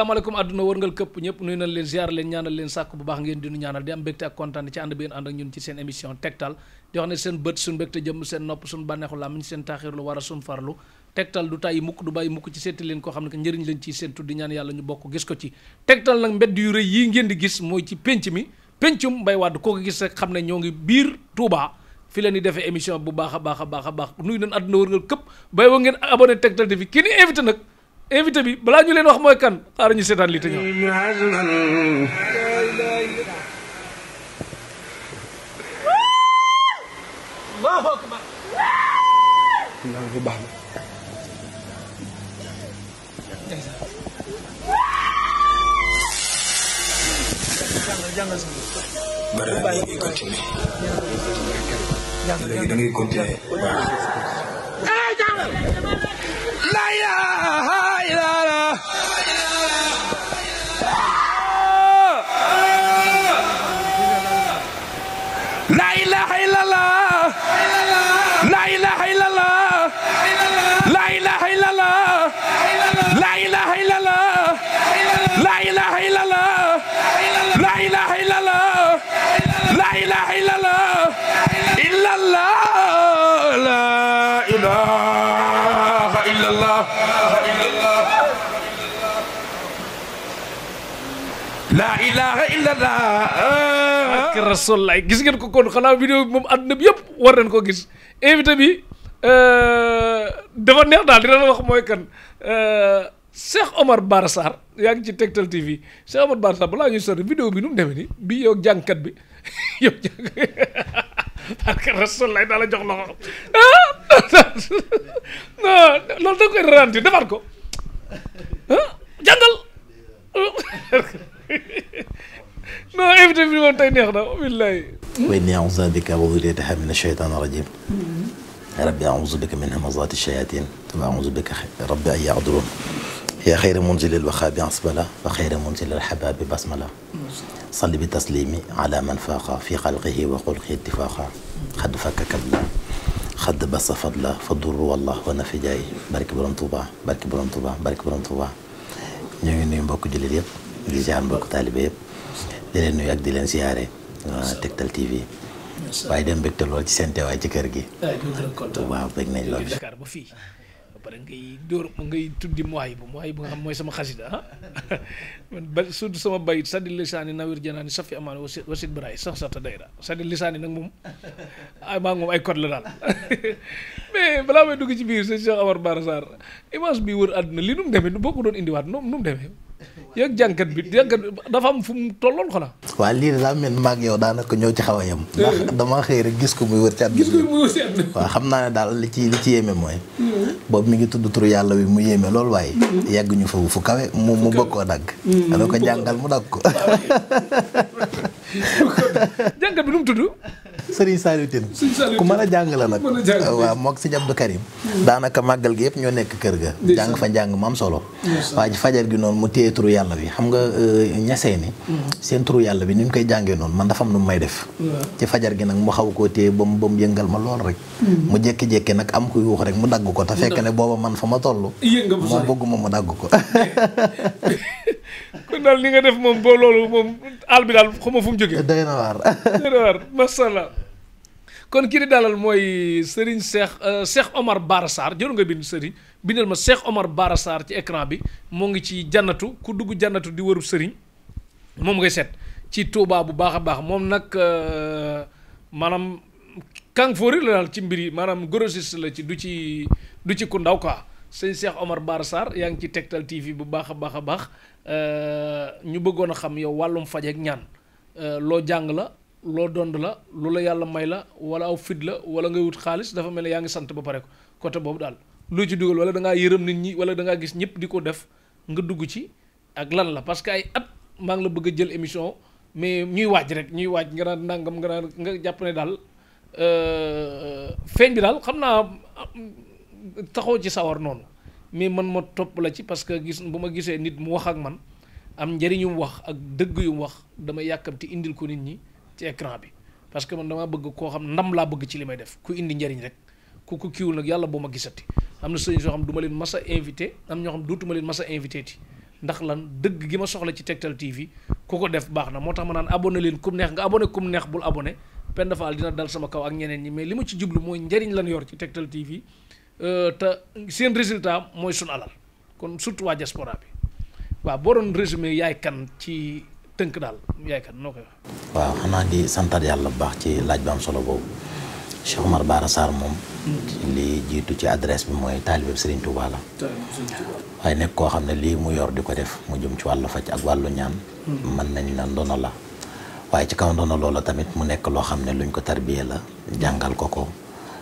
asalaamaaleykum àdduna wërngal këpp ñëpp nuyu nañ leen ziar leen ñaanal leen sàkk bu baax ngeen di nu ñaanal di am mbégte ak kontaan ci ànd bi ngeen ànd ak ne seen bët suñ mbégte a suñ leen koo xam ne que ñu bokk gis ko ci tegtal nag mbedd yu rëy yii ngeen di gis mooy ci pénc mi péncum mbay wàdd koo ko gis rek xam ne ñoo ngi biir Touba fi leen di defee émission bu baax a baax a baax a baax nuyu nañ àdduna wërngal këpp bay wa ngeen abonné tegtal TV ki ni nag invité bi balaa ñu leen wax mooy kan xaaral ñu seetaan lii te la léegi la ilaha illallah la ilaha illallah la ilaha illallah la ilaha illallah la ilaha illallah la ilaha illallah la ilaha illallah illallah la ilaha illallah la ilaha illallah ak rasul lay gis ngeen ko kon xanaa vidéo bi moom àdduna bi yëpp war nañ ko gis invité bi euh, dafa neex daal dina la wax mooy kan euh, Cheikh Omar Bara Sarr yaa ngi ci Tektal TV Cheikh Omar Bara Sarr balaa ñuy sori vidéo bi nu mu demee nii bi yow jàngkat bi yow daal jox loxo non loolu jàngal non invité bi moom tey neex na wallaay. wa inni a'uuzu bika wa dhurriyyatahaa mina shaytaani rajiim. rabbi a'uuzu bika min hamazaati shayaatiin wa a'uuzu bika rabbi an yahduruun. yaa xayra munzilil wahaabi asmala wa xayra munzilil habaabi basmala. salli bi tasliimi alaa man faaqa fii xalqihi wa xulqihi ittifaaqa. xadd fakka kabla xadd bassa fadla fa durru wallah wa nafi jaay barki borom Tuuba barki borom Tuuba barki borom Tuuba ñoo ngi nuyu mbokku jullit yëpp di ziar mbokku taalibe yëpp. di leen nuyu ak di leen siyaare waa Tektal TV waaye dem mbégte lool ci seen teewaay ci kër gi waaw ah, bëgg nañ lool Dakar ba fii pare ngay dóor ngay tuddi mooy bu mooy bu nga xam mooy sama xasida ah su ba sud sama bayit saddi lisaani nawir janaani safi amaan wasit wasit baraay sax sax ta dayra saddi lisaani nag moom ah maa moom ay code la daal mais balaa may dugg ci biir sëñ Cheikh Omar Bara Sarr image bi wër àdduna li nu mu boo ko doon indiwaat nu mu yëg jànkat bi jànkat bi dafa am fu mu tolloon xanaa. waaw lii daa mel ni maag yow daanaka ñoo ci xaw a yem. ndax eh. xëy gis ko muy wër ci at. gis muy wër ci at waaw xam naa ne daal li ci li ci yéeme mooy. Hmm. boobu mi ngi tudd turu yàlla wi mu yéeme lool waaye. Hmm. yàgg ñu fa fu kawe mu mu bëgg koo dagg. Hmm. dana ko jàngal mu dagg ko. jànkat bi nu mu tudd. Serigne Saliou ku mën a jàng la nag moo mook Serigne Abdou Karim hmm. daanaka màggal gi yëpp ñoo nekk kër ga jàng fa jàng mu am solo waaye fajar gi noonu mu téye turu yàlla bi xam nga euh, ñasee ni hmm. seen turu yàlla bi ni ñu koy jàngee noonu man dafa nu mu may def ci fajar gi nag mu xaw koo téye ba mu ba mu yëngal ma lool rek hmm. mu jékki-jékki nag am ku yuux rek mu dagg ko te fekk ne booba man fa ma toll moom bëgguma mu dagg ko daal li nga def moom boo loolu moom àll bi daal xaw ma fu mu jógee. doy na waar doy na waar macha kon kii di dalal mooy Serigne Cheikh euh, Cheikh Omar Bara Sarr nga bind Serigne bindal ma Cheikh Omar Bara Sarr ci écran bi moo ngi ci jannatu ku dugg jannatu di wëru Serigne moom ngay set ci Touba bu baax a baax moom nag euh, maanaam kàng foori la daal ci mbir yi maanaam grossiste la ci du ci du ci ku ndaw quoi sëñ Cheikh Omar Bara Sarr yaa ngi ci Tektal TV bu baax a baax a baax. Euh, ñu bëggoon a xam yow wàllum faj ak ñaan euh, loo jàng la loo dond la lu la yàlla may la wala aw fit la wala ngay wut xaalis dafa mel ne yaa ngi sant ba pare ko côté boobu daal loo ci dugal wala da ngaa yërëm nit ñi wala da gis ñëpp di ko def nga dugg ci ak lan la parce que at maa ngi la bëgg a jël émission mais ñuy waaj rek ñuy waaj nga naan nangam nga naan nga jàpp ne daal euh, feeñ bi daal xam naa taxoo ci sawar noonu. mais man ma topp la ci parce que gis bu ma gisee nit mu wax ak man am njëriñu wax ak dëgg yu wax dama yàkkamti indil ko nit ñi ci écran bi parce que man dama bëgg koo xam ndam laa bëgg ci li may def ku indi njëriñ rek ku ku kiiwul nag yàlla bu ma gisati am na sëñ soo xam du leen masa a invité am ñoo xam dootuma leen mas a invité ti ndax lan dëgg gi ma soxla ci Tektal TV ku ko def baax na moo tax ma naan abonné leen kum neex nga abonné kum neex bul abonné Penda Fall sama kaw ak ñeneen ñi mais li ma ci jublu mooy njëriñ lan yor ci Tektal TV Euh, te seen résultat mooy suñu alal kon surtout waa diaspora bi waaw boo doon résumé yaay kan ci tënk daal yaay kan noo koy wax. waaw xanaa di santaat yàlla bu baax ci laaj bu am solo boobu Cheikh Omar Bara moom. Hmm. li jiitu ci adresse bi mooy taalibe Serigne nekk koo xam ne lii mu yor di ko def mu jëm ci wàllu faj ak wàllu ñaan. Hmm. mën nañ na ndono la. waaye ci kaw ndono loola tamit mu nekk loo xam ne luñ ko tarbiyee la hmm. jàngal ko ko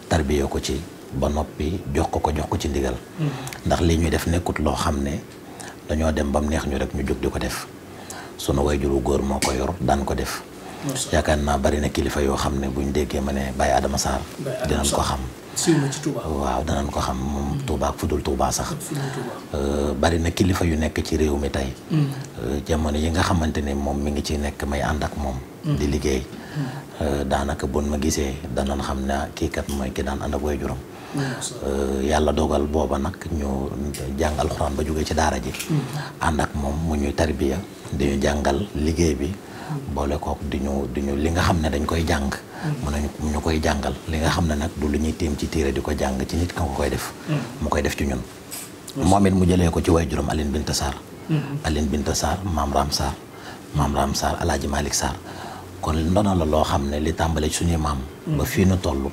tarbiyee ko ci. ba noppi jox ko ko jox ko ci ndigal. ndax lii ñuy def nekkut loo xam ne dañoo dem ba mu neex ñu rek ñu jóg di ko def sunu wayjur wu góor moo ko yor daan ko def. yaakaar naa bari na kilifa yoo xam ne buñ déggee ma ne Baye Adama Sarr. dinañ ko xam. waaw danañ ko xam moom hmm. Touba ak fudul Touba sax. Euh, bari na kilifa yu nekk ci réew mi tey. Hmm. Euh, jamono yi nga xamante ne moom mi ngi ci nekk may ànd ak moom. Hmm. di liggéey. Euh, daanaka bon ma gisee danañ xam ne kii kat mooy ki daan ànd ak waajuram Euh, yàlla dogal booba nag ñu jàng alxuraan ba jógee ci daara ji ànd ak moom mu ñuy tarbiya dañu jàngal liggéey bi boole kook di ñu di ñu li nga xam ne dañ koy jàng mën nañu ñu koy jàngal li nga xam ne nag du lu ñuy tiim ci téere di ko jàng ci nit ka ko koy def mu koy def ci ñun moom it mu jëlee ko ci way juróom Aline Binta Sarr Aline Binta Sarr Maam Raam Sarr Maam Raam Sarr Alaaji Malick Sarr kon ndono la loo xam ne li tàmbale suñuy maam ba fii nu toll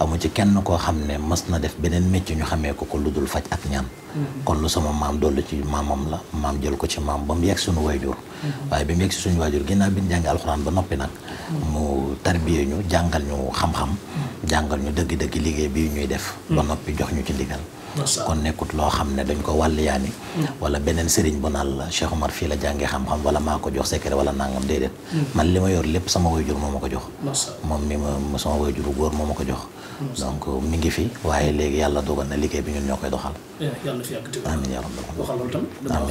amu ci kenn koo xam ne mas na def beneen mécc ñu xamee ko ko lu dul faj ak ñaan mm-hmm. kon lu sama maam dollu ci maamam la maa jël ko ci maam ba mu yegg suñu waajur mm-hmm. waaye bi mu suñu waajur ginnaaw bi ñu jàngi ba noppi nag mm-hmm. mu tarbiyee ñu jàngal ñu xam-xam jàngal ñu dëgg-dëgg liggéey bi ñuy def ba noppi jox ñu ci ndigal kon nekkut loo xam ne dañ ko wàll yaani wala beneen sëriñ bu naan la Cheikh Omar fii la jàngee xam wala maa ko jox secret wala nangam déedéet man li ma yor lépp sama waajur moo ma ko jox moom mi ma sama waajuru góor moom ma ko jox donc mi ngi fi waaye léegi yàlla dogal na liggéey bi ñun ñoo koy doxal. Eh, yàlla na fi yàgg te wér. amiin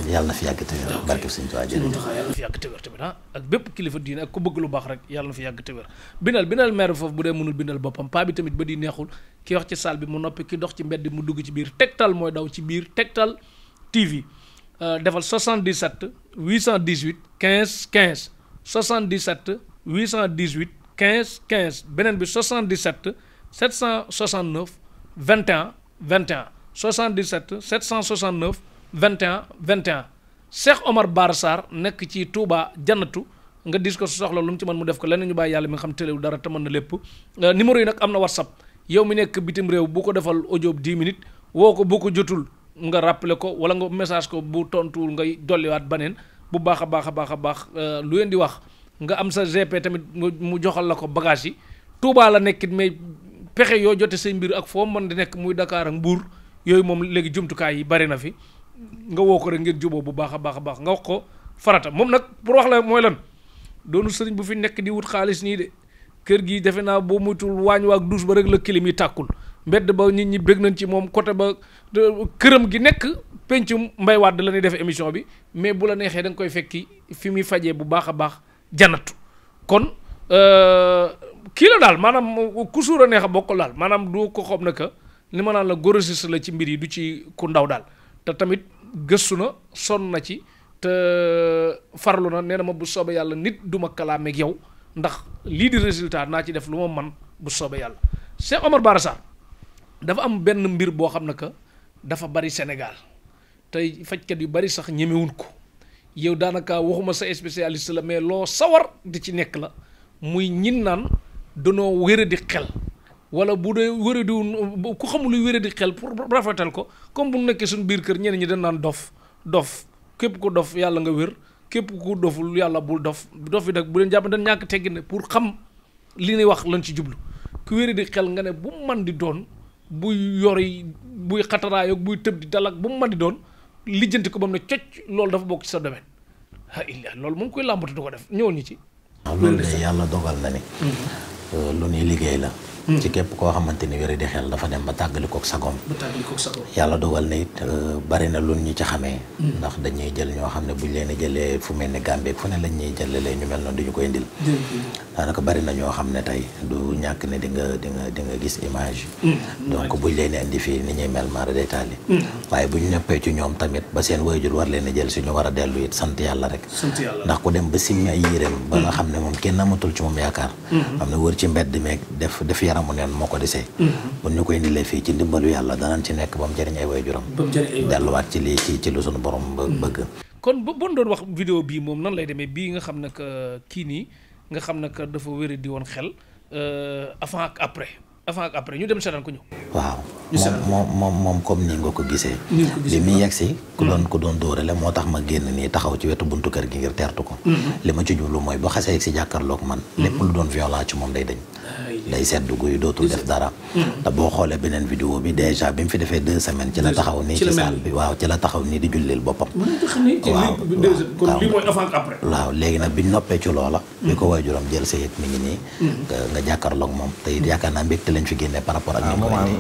yàlla na fi yàgg te barke Sëñ Tuubaa jërëjëf yàgg te wér ah. ak bépp kilifa diine ak ku bëgg lu baax rek yàlla na fi yàgg te wér bindal bindal maire bi foofu bu dee mënul bindal boppam paa bi tamit ba di neexul ki wax ci salle bi mu noppi ki dox ci mbedd mu dugg ci biir Tektal mooy daw ci biir Tektal TV euh, defal 77 818 15 15 77 818 15 15 beneen bi 77 769 21 21 77 769 21 21 Cheikh Omar Bara Sarr nekk ci Touba janatu nga dis ko soxla lu mu ci man mu def ko leneen ñu bàyyi yàlla mi nga xam téléwu dara te mën na lépp euh, numéro yi nag am na whatsapp yow mi nekk bitim réew bu ko defal audio 10 minutes woo ko bu ko jotul nga rappeler ko wala nga message ko bu tontuwul ngay dolliwaat baneen bu baax a baax a baax a baax euh, lu leen di wax nga am sa GP tamit mu joxal la ko bagage yi Touba la pexe yoo jote say mbir ak foo mën di nekk muy dakaarak ak Mbuur yooyu moom léegi jumtukaay yi bari na fi nga woo ko rek ngeen juboo bu baax a baax a baax nga wax ko farata moom nag pour wax la mooy lan doonu sëriñ bu fi nekk di wut xaalis nii de kër gi defe naa boo muytul waañ waak douche ba rek la kilim yi tàkkul mbedd ba nit ñi bég nañ ci moom côté ba këram gi nekk penc mbay waat la ñuy def émission bi mais bu la neexee danga koy fekki fi muy fajee bu baax a baax janatu kon euh, kii la daal maanaam ku suur a neex a bokk laal maanaam du ko xob na que li ma naan la grossiste la ci mbir yi du ci ku ndaw daal te tamit gëstu na sonn na ci te farlu na nee na ma bu soobee yàlla nit du ma kalaameeg yow ndax lii di résultat naa ci def lu ma man bu soobee yàlla Cheikh Omar Bara dafa am benn mbir boo xam ne que dafa bari Sénégal te fajkat yu bari sax ñemewuñ ko yow daanaka waxuma sa spécialiste la mais loo sawar di ci nekk la muy ñin naan danoo wéradi xel wala bu dee wéradiwul ku xamul luy wéradi xel pour rafetal ko comme bu nekkee suñu biir kër ñeneen ñi dañ naan dof dof képp ko dof yàlla nga wér képp ku doful yàlla bul dof dof yi nag bu leen jàpp dañ ñàkk teggi ne pour xam li ñuy wax lañ ci jublu ku wéradi xel nga ne bu man di doon buy yori buy xataraayoog buy tëb di dalak bu mu man di doon lijjanti ko ba mu ne cocc loolu dafa bokk ci sa domaine ha illa loolu moom koy làmbatu du ko def ñëwoon ñi ci. loolu de yàlla dogal na ni. Mm-hmm. lu ñuy liggéey la ci képp koo xamante ni wér di xel dafa dem ba tàggalikook sagoom yàlla dogal na it euh, bari na lu ñu ci xamee mm. ndax dañuy jël ñoo xam ne buñ leen a jëlee fu mel ni Gàmbeek fu ne lañ ñuy jëlalee ñu mel noonu dañu koy indil daanaka bari na ñoo xam ne tey du ñàkk ne di nga di nga di nga gis image mm. donc buñ leen indi fii ni ñuy mel mara détail yi mm. waaye bu ñu ci ñoom tamit ba seen waajur war leen a jël suñu war a dellu it sant yàlla rek ndax ku dem ba simmi ay yéreem yaramu neen moo ko desee bu mm-hmm. ñu koy indilee fii ci ndimbalu yàlla danañ ci nekk ba mu jëriñ ay waajuram delluwaat ci lii ci ci lu suñu borom mm-hmm. bëgg kon bu bon doon wax ne dafa wéri di woon xel euh, avant ak après avant ak après ñu dem seetaan ko ñëw waaw moom moom moom comme nii nga ko gisee li muy yegsi ku mm-hmm. doon ku doon dóorale moo tax ma génn nii taxaw ci wetu buntu kër gi ngir teertu ko li ma ci jublu mooy ba xasee yegsi jàkkaarloog man lépp lu doon violent ci moom day dañ day sedd guy dootul def dara te boo xoolee beneen vidéo bi déjà bi mu fi defee deux semaines ci la taxaw nii ci salle bi waaw ci la taxaw nii di jullil boppam waaw kon lii léegi nag bi noppee ci loola bi ko mm. waajuram jël sa yëg mi ngi nii mm. nga jàkkaarloog moom te it yaakaar naa mbégte lañ fi génnee par rapport ak ñu koy nii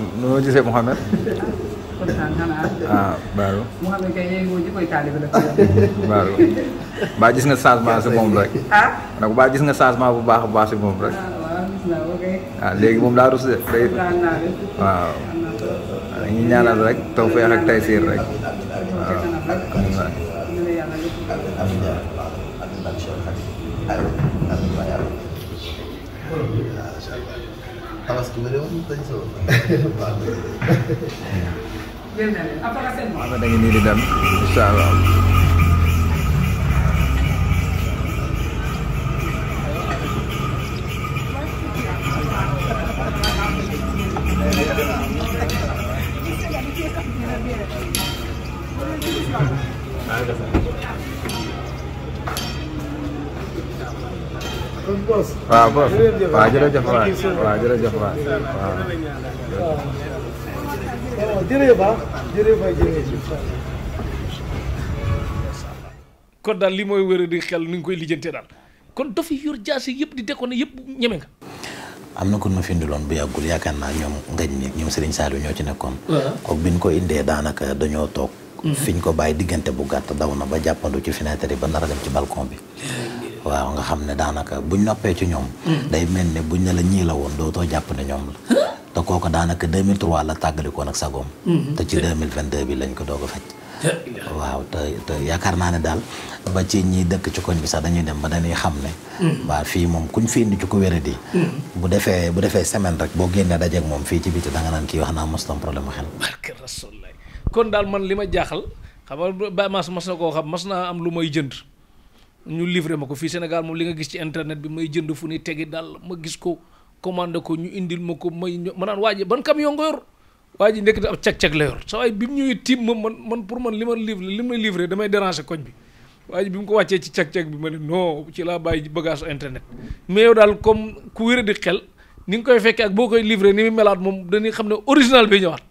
moo jëkkoy taalibe gis nga changement si moom rek. ah. ndax mbaa nga changement bu baax a baax si moom rek. Ah. waaw ah, léegi moom daa rus de day waaw ñu ñaanal rek tawfeex ak taysiir rek waaw da nga nii di dem incha allah boss waaw ah, boss jërëjëf waay waaw jërëjëf waay ah, waaw. Ah, oh, kon daal li mooy wér di xel ni nga koy lijjantee daal kon dafa yor jaas yëpp di dekkoon yëpp ñeme nga. am na kon ma fi indiloon bu yàggul yaakaar naa ñoom ngañ mi ñoom Serigne Saliou ñoo ci nekkoon. waaw bi ñu ko indee daanaka dañoo toog. Mhm. fi ñu ko bàyyi diggante bu gàtt daw na ba jàppandu ci fenêtre yi ba nar dem ci balkon bi. waaw nga xam ne daanaka bu ñu noppee ci ñoom mm. day mel ne buñ ne la ñii la woon dootoo jàpp ne ñoom la te kooku daanaka 2003 la tàggalikoon ak sagoom mm-hmm. te ci 2022 bi lañ ko doog a faj waaw te yaakaar naa ne daal ba ci ñi dëkk ci koñ bi sax dañuy dem ba dañuy xam ne mm-hmm. waa fii moom kuñ fi indi ci ku wéradi mm-hmm. bu defee bu defee semaine rek boo génnee dajeeg moom fii ci biti da nga naan kii wax naa mostam problème xel barke rasulullah kon daal man li ma jaaxal xam nga ba mas mas na koo mas naa am lu may jënd ñu livré ma ko fii Sénégal moom li nga gis ci internet bi may jënd fu ni tegi daal ma gis ko commandé ko ñu indil ma ko may ma naan waa ban camion nga yor waa ji nekk ab cag bi mu ñuy tiim ma man man pour man li ma livré li ma livré damay déranger koñ bi waa bi mu ko wàccee ci cag-cag bi ma ne non ci laa bàyyi bagage internet mais yow daal comme ku wér di xel ni nga koy fekkee ak boo koy livré ni mu melaat moom dañuy xam ne original bi ñëwaat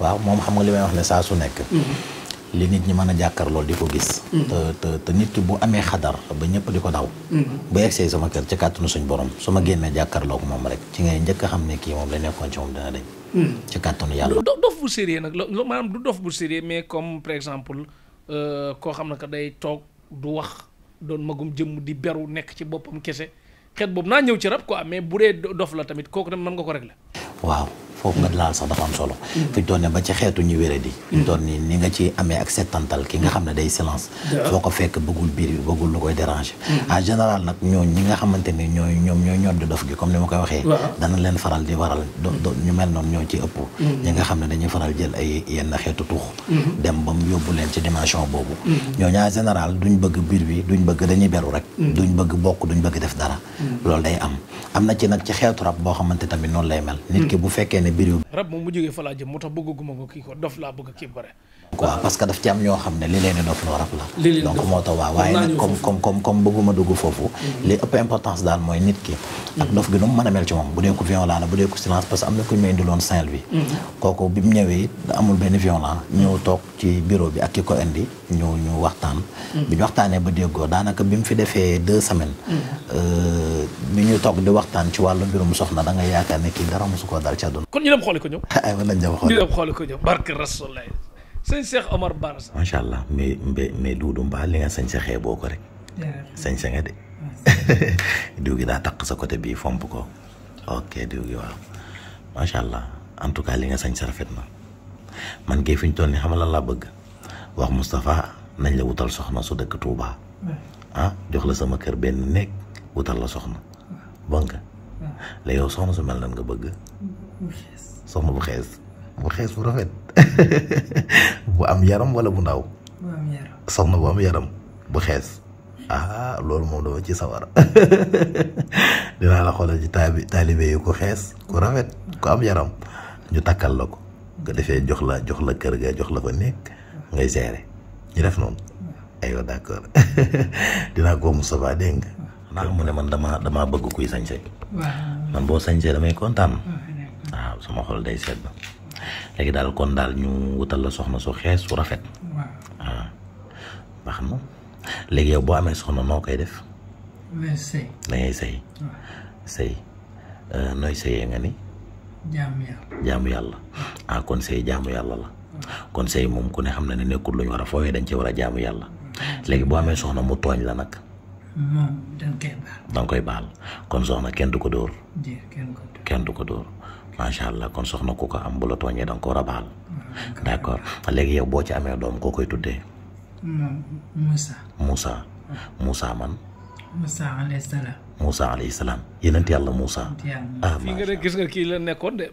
waaw moom xam nga li may wax ne saa su nekk mm-hmm. li nit ñi mën a jàkkaar loolu di ko gis. Mm. te te nit ki bu amee xadar ba ñëpp di ko daw. Mm. bu egsee sama kër ci kàttanu suñ borom su ma génnee jàkkaarloo ko moom rek ci ngay njëkk a xam ne kii moom la nekkoon ci moom dina dañ. Mm. ci kàttanu yàlla. dof bu sérieux nag lo maanaam du dof bu sérieux mais comme par exemple euh, koo xam ne que day toog du wax doon magum jëmm di beru nekk ci boppam kese xeet boobu naa ñëw ci rab ko mais bu dee dof la tamit kooku tamit mën nga ko rek la waaw. foofu nga laal sax dafa am solo fi ñu doon ne ba ci xeetu ñu wéré di ni ni nga ci amee ak ki nga xam ne day silence foo ko fekk bëggul biir bi bëggul lu koy déranger mm-hmm. en général nag ñooñ ñi nga xamante ni ñooy ñoom ñooy dof gi comme ni ma koy waxee dana leen faral di waral ñu mel noonu ñoo ci ëpp mm-hmm. ñi nga xam ne dañuy faral jël ay yenn xeetu tuux mm-hmm. dem ba mu yóbbu leen ci dimension boobu ñooñu en général duñ bëgg biir bi duñ bëgg dañuy beru rek duñ bëgg bokk duñ bëgg def dara loolu day am am na ci nag ci xeetu rab ne biir rab moom mu jógee fa moo tax bëgguma ko kii ko dof laa bëgg a kii bare quoi parce que daf ci am ñoo xam ne li leen di dof loo rab la donc moo tax waaw waaye nag comme comme comme bëgguma dugg foofu mhm. li ëpp importance daal mooy nit ki ak dof gi nu mu mën a mel ci moom bu dee ko violent la bu dee ko silence parce que am na mhm. bi mu ko ñu waxtaan mhm. bi ñu fi defee deux semaines euh, bi ñu toog di waxtaan ci wàllu mbirum soxna da yaakaar ne kii dara mosu koo dal ci àdduna sëñ Cheikh Omar Barsa. macha allah mais mais mais mbaa li sañ Cheikh boo ko rek. sañ sa de. diw gi daa takk sa côté bii fomp ko. ok diw gi waaw macha allah en tout cas li nga sañ sa rafet na man kay fi ñu toll nii xam la laa bëgg wax Moustapha nañ la wutal soxna su dëkk Touba. Ah, jox la sama kër benn néeg wutal la soxna. bon nga. la yow soxna su mel nan nga bëgg. soxna bu xees. bu xees bu rafet bu am yaram wala bu ndaw. bu am yaram soxna bu am yaram bu xees. ah loolu moom dama ci sawar dinaa la xoolal ci taabi taalibe yi ku xees ku rafet ku am yaram ñu takkal la ko nga defee jox la jox la kër ga jox la fa nekk ngay gérer ñu def noonu aywa d'accord dinaa ko Moustapha dégg nga ndax mu ne man dama damaa bëgg kuy sañse man boo sañsee damay kontaan waaw sama xol day sedd léegi daal kon daal ñu wutal la soxna su xees su rafet. waaw ah. baax na léegi yow boo amee soxna noo koy def. dangay sëy sëy. sëy euh, nooy sëyee nga ni. jaamu yàlla jaamu yàlla ah kon sëy jaamu yàlla la. kon sëy moom ku ne xam na ne nekkul lu ñu war a fooyee dañ ci war a jaamu yàlla. léegi boo amee soxna mu tooñ la nag. moom dañ koy baal. koy baal kon soxna kenn du ko dóor. kenn du ko dóor. macha allah kon soxna ku ko am bu la tooñee da nga ko rabaal. léegi yow boo ci amee doom koo koy tuddee. Moussa. Moussa. man. Moussa alayhi salaam yonent yàlla Moussa. ah gis nga kii la nekkoon de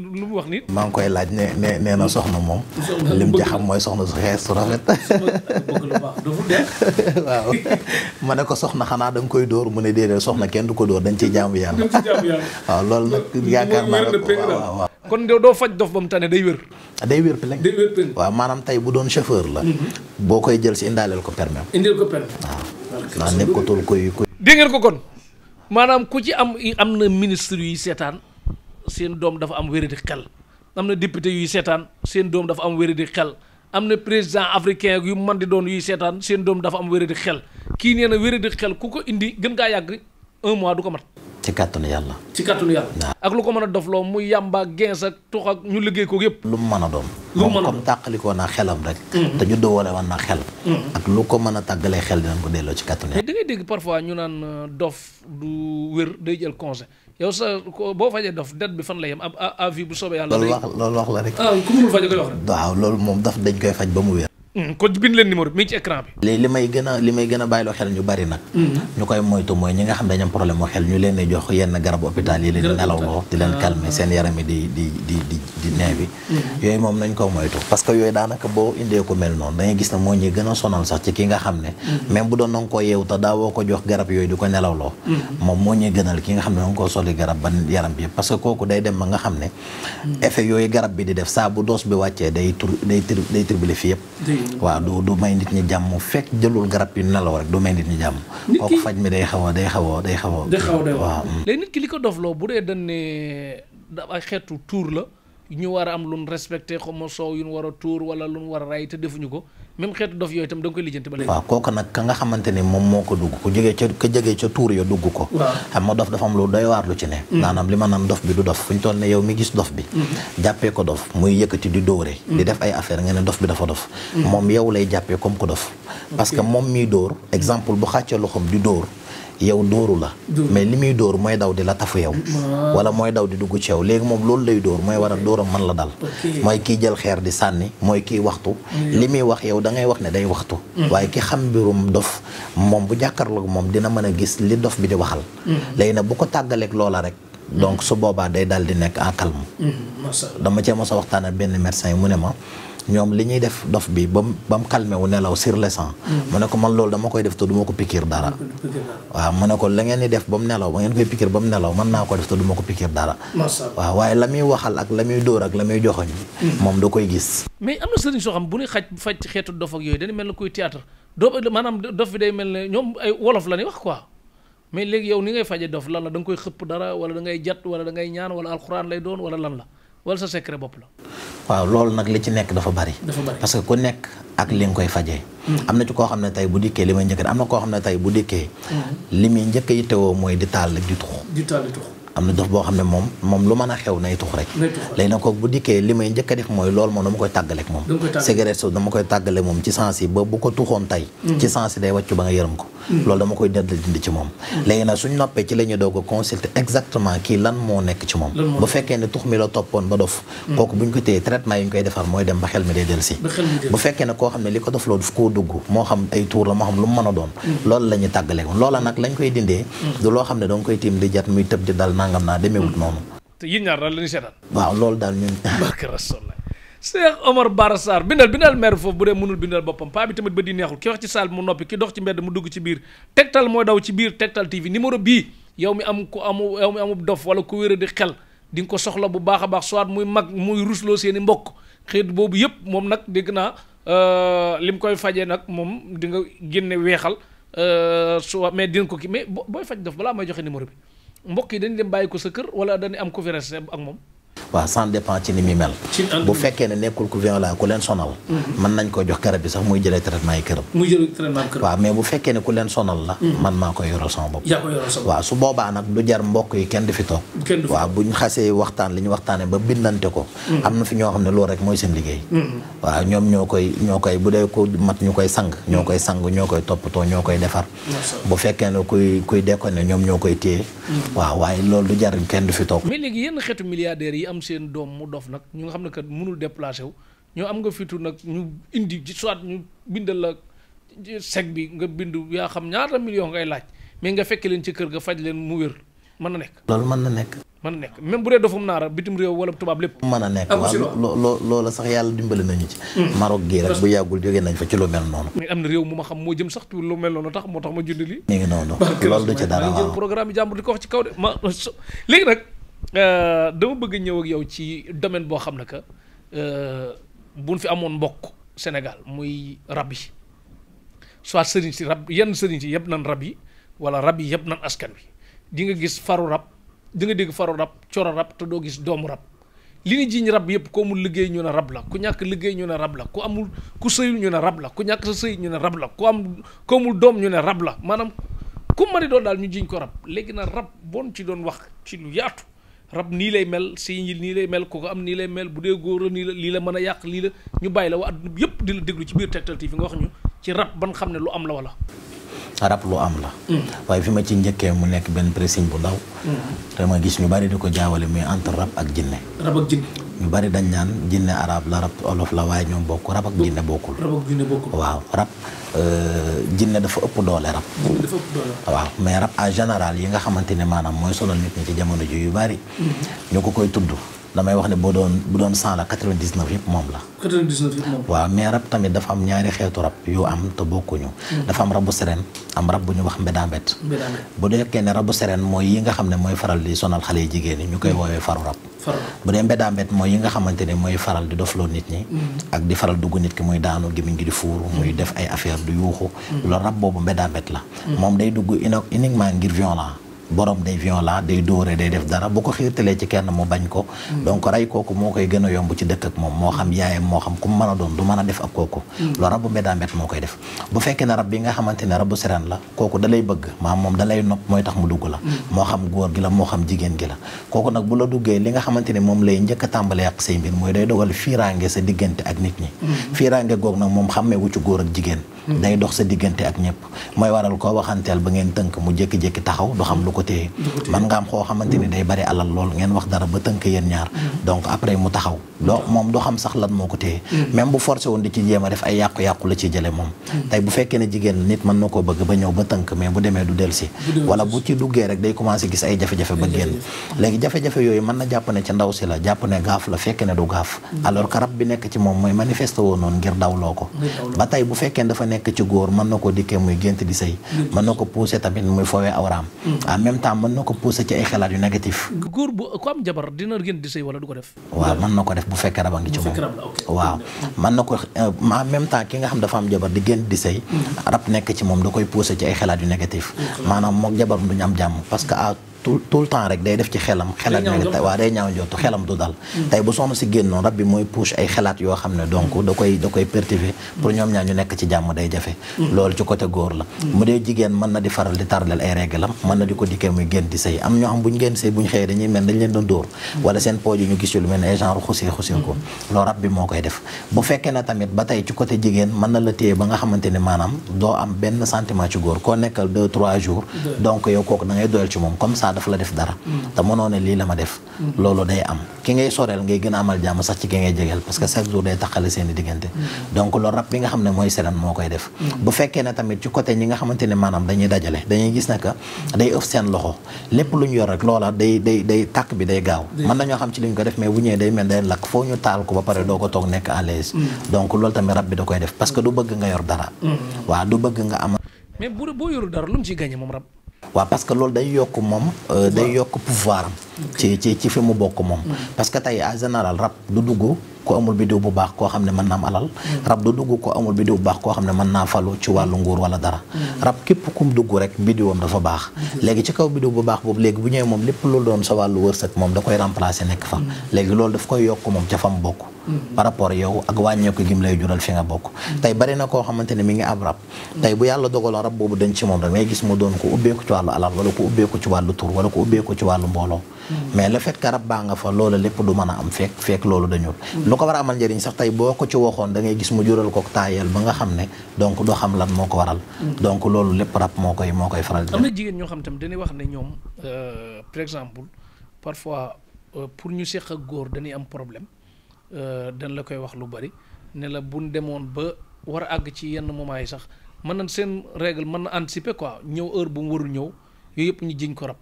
lu mu wax nit. maa ngi koy laaj ne ne nee na soxna moom. lim ci xam mooy soxna su xees su rafet. waaw ma ne ko soxna xanaa da nga koy dóor mu ne déedéet soxna kenn du ko dóor dañ ciy jaamu yàlla. waaw loolu nag yaakaar naa kon doo faj dof ba mu tane day day wér pile. waaw maanaam tey bu doon chauffeur la. Mhm. boo koy jël si indaaleel ko permis. indil ko permis waaw. ndax koy koy. dégg ko kon maanaam ku ci am am na ministre yuy seetaan seen doom dafa am wéradi xel am na député yuy seetaan seen doom dafa am wéradi xel am na président africain yu man di doon yuy seetaan seen doom dafa am wéradi xel kii nee na wéradi xel ku ko indi gën kaa yàgg un mois du ko mat ci kàttanu yàlla. ci kàttanu yàlla. ak lu ko mën a dofloo muy yàmba gens ak tux ak ñu liggéey ko yëpp. lu mu mën a doon. lu mu mën a doon comme tàqalikoo naa xelam rek. Mm-hmm. te ñu a woon naa xel. Mm-hmm. ak lu ko mën a tàggalee xel dinañ ko delloo ci kàttanu yàlla. mais da ngay dégg parfois ñu naan euh, dof du wér day jël conseil yow sa boo fajee dof det bi fan la yem ab avis bu soobee yàlla. loolu wax la rek. ah ku faj koy wax rek. waaw loolu moom daf dañ koy faj ba mu wér. Hmm, kon bind leen numéro bi mi bi. léegi li may gën a li a bàyyiloo xel ñu bari nag. Hmm. ñu koy moytu mooy ñi nga xam dañu am problème mu xel ñu leen di jox yenn garabu hôpital yi leen di ah. hmm. yooyu moom nañ ko moytu. parce que yooyu daanaka boo indee ko mel noonu moo ñuy gën a sonal sax ci ki nga xam ne. même bu doon na nga koo yeewu te ko jox garab yooyu di ko nelaw loo. moom moo ñuy gënal ki nga xam ne da nga koo soli garab ba yaram bi parce que kooku day dem ba nga xam ne. effet yooyu garab bi di def saa bu doos bi wàccee day tur day tur day turbulé fi yëpp waaw du du may nit ñi jàmm fekk jëlul garab yu nelaw rek du may nit ñi jàmm. nit kooku faj mi day xaw a day xaw a day xaw a. day xaw a waaw. Mm. léegi nit ki li ko dofloo bu dee dañ ne ay xeetu tuur la. ñu war a am lu respecté xaw ma soow yu ñu war a tuur wala lu ñu war a ray te defuñu ko même xeetu dof yooyu itam da koy lijjanti ba léegi. waaw kooku nag ka nga xamante ni moom moo ko dugg ku jógee ca tuur ya dugg ko. xam nga dof dafa am lu doy waar lu ci ne. Mm. maanaam li ma naan dof bi du dof fu ñu toll ne yow mi gis dof bi. Mm. jàppee ko dof muy yëkkati di dóore. Mm. di def ay affaire nga ne dof bi dafa dof. moom yow lay jàppee comme ko dof. parce que moom miy dóor exemple bu xàccee loxoom di dóor yow dóoru la mais li muy dóor mooy daw di la tafu yow wala mooy daw di dugg ci yow léegi moom loolu lay dóor mooy war a dóoram mën la dal mooy ki jël xeer di sànni mooy ki waxtu li muy wax yow da ngay wax ne day waxtu mm. waaye ki xam mbirum dof moom bu jàkkaarloog moom dina mën a gis li dof bi di waxal mm. léegi nag bu ko tàggaleeg loola rek donc mm. su boobaa day dal di nekk en calme dama cee mos a waxtaan ak benn médecin mu ne ma ñoom li ñuy def dof bi ba mu ba mu calmé wu nelaw sur le sang. Mm. mu ne ko man loolu dama koy def te du ma ko pikiir dara. waaw mu ne ko la ngeen di def ba mu nelaw ba ngeen koy pikiir ba mu nelaw mën naa ko def te du ko pikiir dara. waaw waaye la muy waxal ak la muy dóor ak la muy joxoñ mm. moom da koy gis. mais am na sëriñ soo xam bu ñuy xaj faj ci xeetu dof ak yooyu dañu mel ne kuy théâtre doo maanaam dof bi day mel ne ñoom ay wolof la ñuy wax quoi. mais léegi yow ni ngay faje dof la da nga koy xëpp dara wala da ngay jat wala da ngay ñaan wala alxuraan lay doon wala lan la wala sa secret bopp la. waaw loolu nag li ci nekk dafa bari. dafa bari parce que ku nekk ak li koy fajee. Hmm. am na ci koo xam ne tey bu dikkee li may njëkk am na koo xam ne tey bu dikkee. Hmm. li muy njëkk a yittewoo mooy di taal di tux. di taal di am na dof boo xam tàggale mm. mm. mm. loola nag lañ koy dindee du loo xam ne danga koy tiim di jat muy tëb di dal nangam naa demeewut noonu. te yéen ñaar daal la ñuy seetaan. waaw loolu daal ñun. barke rasulallah Cheikh Omar Bara Sarr bindal bindal maire foofu bu dee mënul bindal boppam paa bi tamit ba di neexul ki wax ci saal mu noppi ki dox ci mbedd mu dugg ci biir Tektal mooy daw ci biir Tektal TV numéro bii yow mi am ku amu yow mi amu dof wala ku wér di xel di ko soxla bu baax a baax soit muy mag muy rusloo seeni mbokk xeet boobu yépp moom nag dégg naa euh, li mu koy fajee nag moom di nga génne weexal euh, soit mais dina ki mais booy faj dof balaa may joxe numéro bi mbokk yi dañ dem bàyyi ko sa kër wala dañuy am ku fi resté ak moom waaw sans dépend ci ni muy mel bu fekkee ne nekkul ku violent ku leen sonal man mhm. nañ ko jox garab bi sax muy jëlee traitement yi këram muy jëlee traitement këram waaw mais bu fekkee ne ku leen sonal la mhm. man maa koy yoro sama bopp su boobaa nag du jar mbokk yi kenn di fi toog waaw buñ xasee waxtaan li ñu ba bindante ko mhm. am na fi ñoo xam ne loolu rek mooy seen liggéey waaw ñoom ñoo koy bu dee ko mat ñu koy sang ñoo koy sang ñoo koy toppatoo ñoo koy defar bu fekkee ne seen doom mu dof nag ñu nga xam ne kat mënul déplacé wu ñoo am nga fitu nag ñu indi soit ñu bindal la sec bi nga bind yaa xam ñaata million ngay laaj mais nga fekk leen ci kër ga faj leen mu wér mën na nekk. loolu man na nekk. mën na nekk même bu dee dofum naara bitim réew wala tubaab a nekk waaw loo loola sax yàlla dimbali nañu ci. Hmm. Maroc gii rek bu yàggul jógee nañ fa ci lu mel noonu. mais am na réew mu ma xam moo jëm sax lu mel noonu tax moo tax ma jënd lii. mi ngi noonu loolu du ci dara waaw programme bi jàmbur di ko wax ci kaw de ma léegi Euh, dama bëgg ñëw ak yow ci domaine boo xam ne que euh, buñ fi amoon mbokk Sénégal muy rab yi soit sëriñ si rab yenn sëriñ si yëpp nan rab yi wala rab yi yëpp nan askan bi di nga gis faru rab di nga dégg faru rab coro rab te doo gis doomu rab li ñu jiiñ rab yëpp ko mu liggéey ñu ne rab la ku ñàkk liggéey ñu ne rab la ku amul ku sëyul ñu ne rab la ku ñàkk sa sëy ñu ne rab la ku am ku amul doom ñu ne rab la maanaam ku mari doo daal ñu jiñ ko rab léegi na rab bon ci doon wax ci lu rab nii lay mel si ñi nii lay mel ko ko am nii lay mel bu dee góor la nii la lii la mën a yàq lii la ñu bàyyi la waa adduna yëpp di la déglu ci biir Tektal TV nga wax ñu ci rab ban xam ne lu am la wala. rab lu am la. Mm. waaye fi ma ci njëkkee mu nekk benn pressing bu ndaw. te mm. ma gis ñu bari di ko jaawale mais entre rab ak jinne. rab ak jinne ñu bari dañ naan jinne arab la rab olof la waaye ñoom bokk rab ak jinne bokkul. rab ak jinne bokkul waaw rab euh, jinne dafa ëpp doole rab. dafa ëpp doole waaw mais rab en général yi nga xamante ne maanaam mooy solo nit ñi ci jamono ji yu bari. Mm-hmm. ñu ko koy tudd. damay wax ne boo doon bu doon cent la quatre-vingt-dix-neuf yëpp moom la. quatre-vingt-dix-neuf waaw mais rab tamit dafa am ñaari xeetu rab yu am te bokkuñu. Hmm. dafa am rabu sereen am rab bu ñu wax mbédambet. mbédambet bu dee kenn rabu sereen mooy yi nga xam ne mooy faral di sonal xale yi jigéen ñi ñu koy hmm. woowee faru rab. bu dee mbédambet mooy yi nga xamante ne mooy faral di dofloo nit ñi. Hmm. ak di faral dugg nit ki muy daanu gémmiñ gi di fuur muy def ay affaire du yuuxu. loolu rab boobu mbédambet la. moom day dugg uniquement ngir violent borom day la day dóore day def dara bu ko xiirtalee ci kenn mu bañ ko mm. donc rey kooku moo koy gën a yomb ci dëkk ak moom moo xam yaayam moo xam ku mu mën a doon du mën a def ak kooku mm. loolu rabu mbeddaambet moo koy def bu fekkee ne rab bi nga xamante ne rabu seren la kooku dalay lay bëgg maam moom da nopp mooy tax mu dugg la mm. moo xam góor gi la moo xam jigéen gi la kooku nag bu la duggee li nga xamante ne moom lay njëkk a tàmbalee ak say mbir mooy day dogal fiiraange sa diggante ak nit ñi fiiraange goog nag moom xammee ci góor ak jigéen day dox sa diggante ak ñëpp mooy waral koo waxanteel ba ngeen tënk mu jékki-jékki taxaw du xam lu ko téye man nga am koo xamante ni day bari alal lool ngeen wax dara ba tënk yéen ñaar mm-hmm. donc après mu taxaw doo moom du xam sax lan moo ko téye mm-hmm. même bu forcé woon di ci jéem a def ay yàqu-yàqu la ci jële moom mm-hmm. tey bu fekkee ne jigéen nit mën na koo bëgg ba ñëw ba tënk mais bu demee du delsi wala bu ci duggee rek day commencé gis ay jafe-jafe ba génn léegi jafe-jafe yooyu mën na jàpp ne ci ndaw si la jàpp ne gaaf la fekk ne du gaaf alors que bi nekk ci moom mooy manifesté woon noonu ngir dawloo ko nekk ci góor mën na ko dikkee muy gént di sëy mën na ko pousser tamit muy fowee awraam mm. en même temps mën na ko pousser ci ay xalaat yu négatif góor bu ko am jabar dina gént di sëy rab a ngi na ko euh, en même ki nga xam dafa am jabar di gént di sëy mm. rab nekk ci moom da koy pousser ci ay xalaat yu négatif maanaam mook jabaram duñu am jàmm parce que tout tout le temps rek day def ci xelam xelam ne day ñaaw njott xelam du dal mm. tey bu soxna si génnoon rab bi mooy push ay xalaat yoo xam ne donc da koy da koy pertivé pour ñoom ñaar ñu nekk ci jàmm day jafe mm. loolu ci côté góor la mm. mu dee jigéen mën na di faral di tardel ay réglam mën na di ko dikkee muy génn di sëy am ñoo xam bu ñu génn sëy bu xëyee dañuy mel dañ leen doon dóor wala seen pooj ñu gis ci lu mel ne ay genre xusee xusee ko loolu rab bi moo koy def na la ba nga xamante ne maanaam doo am benn sentiment ci góor koo nekkal deux trois jours donc yow kooku da naa dafa la def dara te mënoo lii la ma def loolu day am ki ngay soreel ngay gën a amal jàmm sax ci ki ngay jegeel parce que chaque jour day taxale bi day lu ñu yor rek loola day day bi day gaaw mën nañoo xam ci li ñu ko def mais bu ñu mm. da koy def parce que du bëgg nga yor dara mm. lu mu ciy gagné moom rab waaw parce que loolu day yokk moom. Euh, day yokk pouvoir ci ci ci fi mu bokk moom. Mm. parce que tey en général rab du dugg. ko amul biddiw bu baax koo xam ne mën naa am alal mm. rab du dugg ko amul biddiw bu baax koo xam ne mën naa falu ci wàllu nguur wala dara mm. rab képp kum dugg rek biddiwam dafa baax mm. léegi ci kaw biddiw bu baax boobu léegi bu ñëwee moom lépp lu doon sa wàllu wërsëg moom da koy remplacer nekk fa léegi loolu daf koy yokk moom ca fam bokk rapport yow ak wàññeeku gim lay jural fi bokk bari na koo xamante ne mi ngi am rab tey bu yàlla dogaloon rab boobu dañ ci moom rek ngay gis mu doon ko ubbeeku ci wàllu alal wala ko ubbeeku ci wàllu tur wala ko ubbeeku ci wàllu mbooloo mais le fait que rab baa nga fa loolu lépp du mën a am fekk fekk loolu dañul lu ko war a amal njëriñ sax tey boo ko ci waxoon da ngay gis mu jural ko taayeel ba nga xam ne donc doo xam lan moo ko waral donc loolu lépp rab moo koy moo koy faral di am na jigéen ñoo xam tam dañuy wax ne ñoom euh, par exemple fois euh, pour ñu seq ak góor dañuy am problème euh, dañ la koy wax lu bari ne la buñ demoon ba war a àgg ci yenn moment yi sax mën na seen régle mën na anticiper quoi ñëw heure bu mu ñëw yooyu ñu jiñ ko rab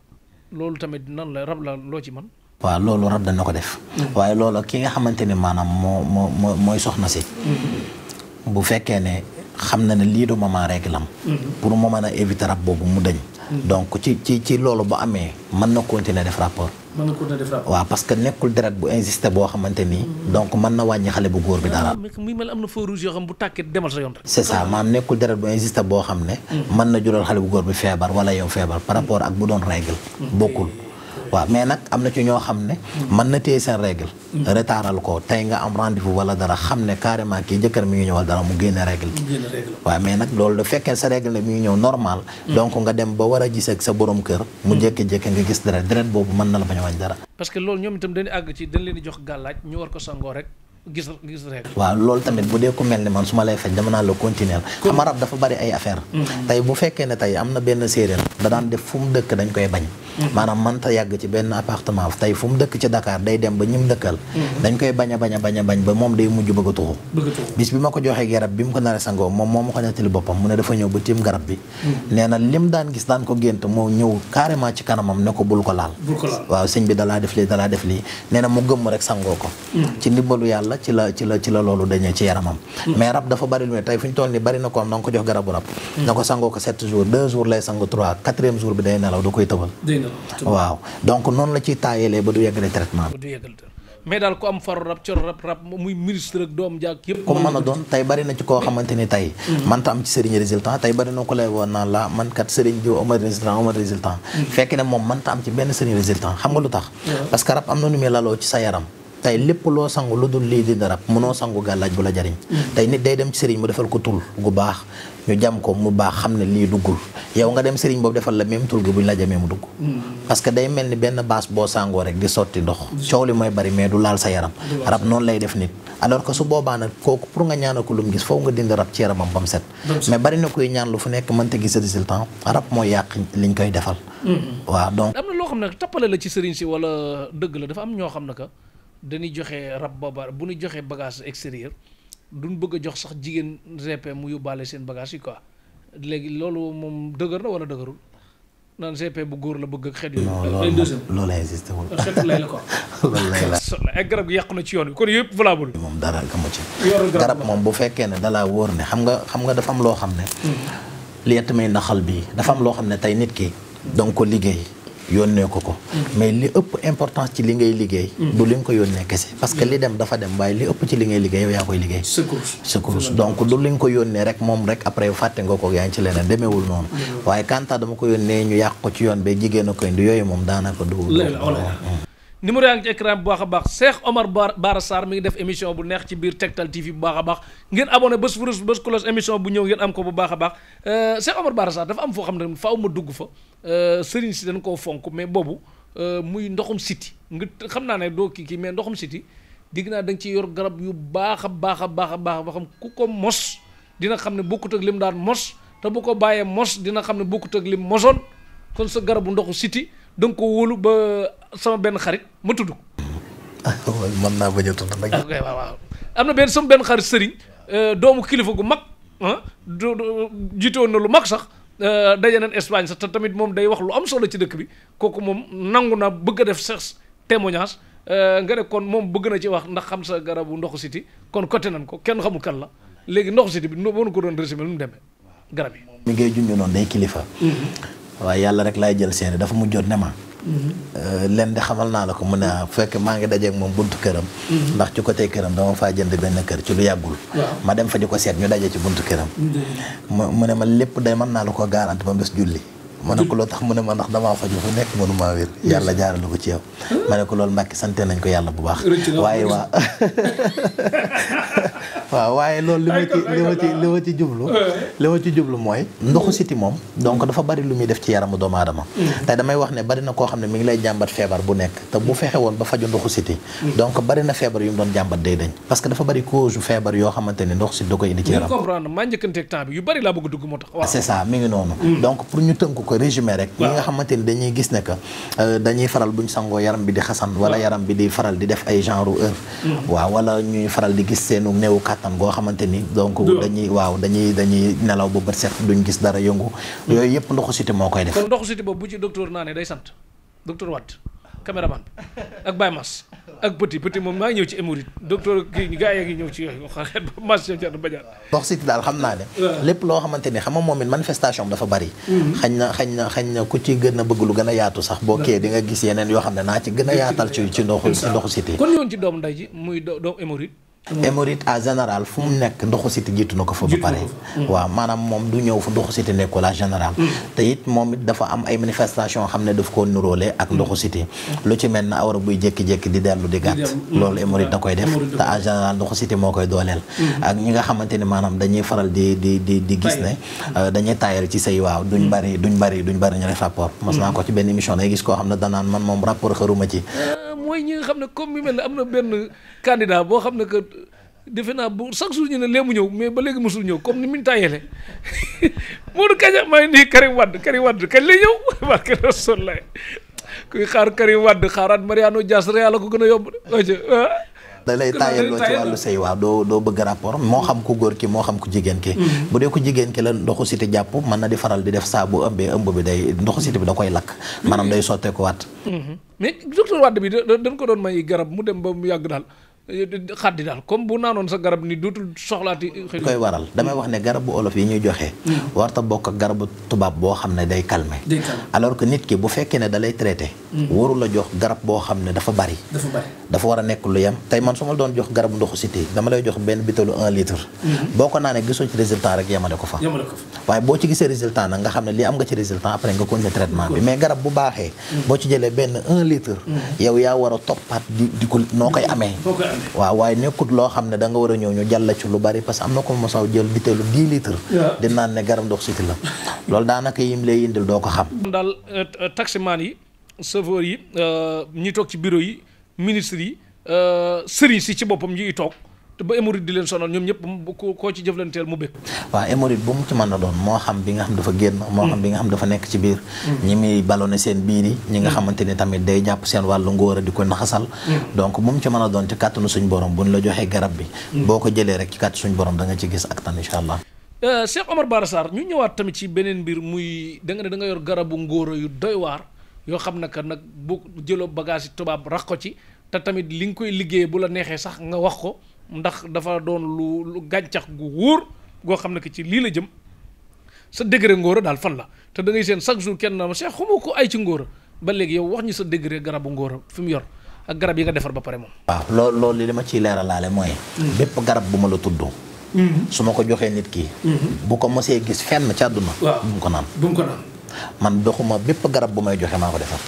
loolu tamit nan la rab la loo ci man waaw loolu rab dana ko def. waaye looloo ki nga xamante ne maanaam moo moo mooy soxna si. Mm-hmm. bu fekkee ne xam na ne lii du moment règle mm-hmm. pour mu mën a éviter rab boobu mu dañ. Mm-hmm. donc ci ci ci loolu bu amee mën na continuer def rapport. mën na continuer def parce que nekkul deret bu insister boo xamante ni. Mm. donc mën na wàññi xale bu góor bi dara. Ah, muy mel am na feu rouge yoo xam bu tàkkee demal sa yoon rek. c'est ça maam nekkul deret bu insister boo xam ne. Mm. mën na jural xale bu góor bi feebar wala yow feebar par mm. rapport ak bu doon règle bokkul. waaw mais nag am na ci ñoo xam ne mën na téye seen règle retardal ko tey nga am rendez-vous wala dara xam ne carrément kii jëkkër mi ngi ñëwal dara mu génne règle waaw mais nag loolu fekkee sa règle ne mi ngi ñëw normal donc nga dem ba war a gis sa borom kër mu jékki-jékki nga gis deret deret boobu mën na la bañ a wañ dara parce que loolu ñoom itam dañu àgg ci dañ leen di jox gàllaaj ñu war ko sangoo rek gis gis rek. waaw loolu tamit bu dee ku mel ni man su lay faj dama naa la continuer xam rab dafa bari ay affaire mm. tey bu fekkee ne tey am na benn séeréer da daan def fu mu dëkk dañ koy bañ mm. maanaam man ta yàgg ci benn appartement tey fu mu dëkk ci Dakar day dem ba ñim dëkkal mm. dañ koy bañ a bañ a bañ ba moom day mujj bëgg a tuxu bis bi ma ko joxee garab bi mu ko nar a sangoo moom moo ma ko nettali boppam mu ne dafa ñëw ba tiim garab bi nee na lim daan gis daan ko gént moo ñëw carrément ci kanamam ne ko bul ko laal waaw sëñ bi dalaa def lii dalaa def lii nee na mu gëmm rek sangoo ko ci yàlla ci la loolu dañee ci yaramam mm. mais rab dafa bari lu ne tey fu ñu toll ni bari na ko am na ko jox garabu rab mm. na ko sangoo ko sept jours deux jours lay sangu trois quatrième jour bi day nelaw du koy tëbal waaw donc noonu la ciy taayelee ba du yeggale traitement mais daal ku am faru rab cor rab muy ministre ak doom jàkk yëpp comme mën a doon tey bari na ci koo xamante ni tey mm. manta am ci sëriñ résultat tey bari na ko lay woon la man kat tey lépp loo sangu lu dul lii di darab mënoo sangu gàllaaj bu la jariñ mm-hmm. tey nit day dem sëriñ mu defal ko tul gu baax ñu jam ko mu baax xam ne lii duggul yow nga dem sëriñ boobu defal la même tul gi buñ la jamee mu dugg mm-hmm. ni benn baas boo sangoo rek di sotti ndox mm-hmm. coow li sa yaram rab noonu lay def nit alors que su ko lu mu gis foofu nga dindi rab ci yaramam ba mu set mais bari na koy ñaan lu fu nekk mënta gis résultat rab mooy la dafa am ñoo xam ne dañuy joxe rab booba bu ñu joxee bagage extérieur duñ bëgg a jox sax jigéen GP mu yóbbaale seen bagage yi quoi léegi loolu moom dëgër na wala dëgërul naan GP bu góor la bëgg ak xet yu. ay deuxième non loolu existé wul. xetu yàqu na ci yoon bi kon yëpp valable. moom dara amu ci. garab moom bu fekkee ne dalaa wóor ne xam nga xam nga dafa am loo xam ne. Hmm. li yett may naxal bi dafa am loo xam ne tey nit ki. donc ko liggéey. yónnee ko ko. mais li ëpp importance ci li ngay liggéey. Mm. du li nga ko yónnee kese parce que li dem dafa dem waaye li ëpp ci li ngay liggéey yow yaa koy liggéey. secours donc du li nga ko yónnee rek moom rek après fàtte nga ko yaa ngi ci leneen demeewul noonu. Mm. waaye kanta dama ko yónnee ñu yàq ci yoon ba jigéen koy indi yooyu moom daanaka du. Mm. numéro yaa ngi ci écran bu baax a baax Cheikh Omar Bara Sarr ngi def émission bu neex ci biir Tektal TV bu baax a baax ngeen abonné bés furus bés close émission bu ñëw ngeen am ko bu baax a baax euh, Cheikh Omar Bara dafa am foo xam ne faaw ma dugg fa euh, sëriñ si dañ koo fonk mais boobu euh, muy ndoxum siti nga xam naa ne doo kii mais ndoxum siti digg naa da nga ciy yor garab yu baax a baax a baax baax ba xam ku ko mos dina xam ne bokkut ak lim daan mos te bu ko bàyyee mos dina xam ne bokkut ak lim mosoon kon sa garabu ndoxu siti da nga ko wóolu ba sama benn xarit ma tudd ko. naa bañ a tudd nag. am na benn sama benn xarit sëriñ euh, doomu kilifa gu mag ah du na lu mag sax. Euh, daje nañ Espagne sax te tamit moom day wax lu am solo ci dëkk bi kooku moom nangu na bëgg a def sax témoignage euh, nga ne kon moom bëgg na ci wax ndax xam sa garabu ndoxu siti kon côté nañ ko kenn xamul kan la léegi ndoxu siti bi mënu ko doon résumé lu mu demee garab yi. mi ngay junj noonu day kilifa. Mm-hmm. waaye yàlla rek laay jël seede dafa mujjoon ne ma. Euh, len de xamal naa la ko mun a ah, fekk maa ngi dajeeg moom buntu këram. Mm-hmm. ndax ci côté këram dama faa jënd benn kër ci lu yàggul. ma dem fa ko seet ñu daje ci buntu këram. Mm-hmm. mu ne ma lépp day mën naa la ko garanti ba bés julli. ma ne ko loolu tax mu ne ma ndax damaa faju fu nekk mënu maa wér mm-hmm. yàlla jaarale ko ci yow. Ah. ma ne ko loolu mbàkki sante nañ ko yàlla bu baax. waaye waa. waaw waaye loolu li ma ci ah. li ma ci jublu li ma ci mooy ndoxu siti moom donc dafa bari lu muy def ci yaramu doomu aadama mm. tey damay wax ne bari na koo xam ne mu ngi lay jàmbat feebar bu nekk te bu fexe woon ba faju ndoxu siti mm. donc bari na feebar yu mu doon jàmbat day dañ parce que dafa bari cause yu feebar yoo xamante ni ndox siti da koy indi ci yaram comprendre maa njëkkanteeg temps bi yu bari laa bëgg dugg moo tax waaw c'est ça mi ngi noonu mm. donc pour ñu tënk ko résumé rek ñi nga xamante ni dañuy gis ne que euh, dañuy faral buñ sangoo yaram bi di xasan wala yaram bi di faral di def ay genre heure waaw wala ñuy faral di gis seenu néew xatam goo xamante ni donc dañuy waaw dañuy dañuy nelaw bu bët set duñ gis dara yëngu yooyu yëpp ndoxu siti moo koy def kon ndoxu siti boobu bu ci docteur naa ne day sant docteur Watt caméraman ak Baye Mass ak petit petit moom maa ngi ci émorite docteur kii gaa yaa ngi ci yooyu xarit ba mas jar daal xam naa ne lépp loo xamante ni xam nga moom it manifestation dafa bari mm-hmm. xañ na xañ na xañ na ku ci gën a bëgg lu gën a yaatu sax boo kee di nga gis yeneen yoo xam ne naa ci gën a yaatal ci ci ndoxu ndoxu siti kon ñoon ci doom nday muy doom émorite émorite à général fu mu nekk ndoxu siti jiitu na ko fa. ba pare mm. waaw maanaam moom du ñëw fu ndoxu siti nekkul à général. Mm. te it moom it dafa am ay manifestation xam ne daf koo nuróole ak ndoxu siti mm. lu ci mel ne awra buy jékki-jékki di dellu di gàtt. loolu émorite da koy def te à général ndoxu siti moo koy dooleel. ak ñi nga xamante ni maanaam dañuy faral di di di di gis ne. Euh, dañuy taayal ci say waaw duñ bari duñ bari duñ bari ñu def rapport. mos naa ko ci benn émission gis koo xam ne danaan man moom rapport xëruma ci. Euh, mooy ñi nga xam ne comme mi mel ne am na benn candidat boo xam ne que defe naa bu chaque jour ñu ne lee mu ñëw mais ba léegi mosul ñëw comme ni mu tàyyeele Modou Kaña maa ngi nii Karim Wade Karim Wade kañ lay ñëw waa kër Rasoul kuy xaar Karim Wade xaaraat Mariano Dias Real la ko gën a yomb de. Ah. da lay tayeloo ci wàllu sëy waaw doo doo bëgg rapport moo xam ku góor ki moo xam ku jigéen ki mm. bu dee ku jigéen ki la ndoxu siti jàpp mën na di faral di def saa bu ëmbee ëmb bi day ndoxu siti bi da koy lakk mm-hmm. maanaam day sottee ko waat mm-hmm. mais docteur Wade bi dañ ko doon may garab mu dem ba mu yàgg daal xaddi daal comme bu naanoon sa garab ni dootul soxlaati. koy waral damay wax ne garabu olof yi ñuy joxe. Hmm. warta bokk ak garabu tubaab boo xam ne day calmer. alors que nit ki bu fekkee ne da lay traité. Hmm. waru la jox garab boo xam ne dafa bari. dafa dafa war a nekk lu yam tey man su ma doon jox garabu ndoxu cité dama lay jox benn bitolu un litre. Hmm. boo ko naanee gisoo ci résultat rek yemale ko fa. yemale ko fa waaye boo ci gisee résultat nag nga xam ne lii am nga ci résultat après nga continuer traitement bi mais garab bu baaxee. boo ci jëlee benn un litre. yaa war a toppaat di noo koy amee. waaw waaye nekkut loo xam ne danga war a ñëw ñu jàll ci lu bari parce que am na ko mosaw jël biteelu 10 litres di naan ne garab ndox siti la loolu daanaka yim lay indil doo ko xam daal euh, euh, taximaan yi chauffeur yi euh, ñi toog ci bureau yi ministre yi sëriñ si ci boppam ñuy toog te ba hémorroïde di leen sonal ñoom ñëpp koo ci jëflanteel mu bëgg. waaw hémorroïde bu mu ci mën a doon moo xam bi nga xam dafa génn. moo xam bi nga xam dafa nekk ci biir. Mm. ñi muy ballonné seen biir ñi nga mm. xamante ni tamit day jàpp seen wàllu ngóora di ko naxasal. Mm. donc bu mu ci mën a doon ci kàttanu suñ borom buñ la joxee garab bi. boo ko jëlee rek ci kàttanu suñ borom da nga ci gis ak tan incha allah. Euh, Cheikh Omar Bara Sarr ñu ñëwaat tamit ci beneen mbir muy da ne da nga yor garabu ngóora yu doy waar yoo xam ne que li nga koy liggéey bu la neexee sax nga ndax dafa doon lu lu gàncax gu wóor goo xam ne que ci lii la jëm sa degré ngóora daal fan la te da ngay seen chaque jour kenn na ma Cheikh ko ay ci ngóora ba léegi yow wax ñu sa degré garabu ngooro fi mu yor ak garab yi nga defar ba pare moom. waaw lool loolu li ma ciy leeralaale mooy. Hmm. bépp garab bu ma la tudd. Hmm. su ma ko joxee nit ki. Hmm. bu ko mosee gis fenn ca àdduna. waaw ko naan. man doxuma bépp garab bu may joxe maa ko defar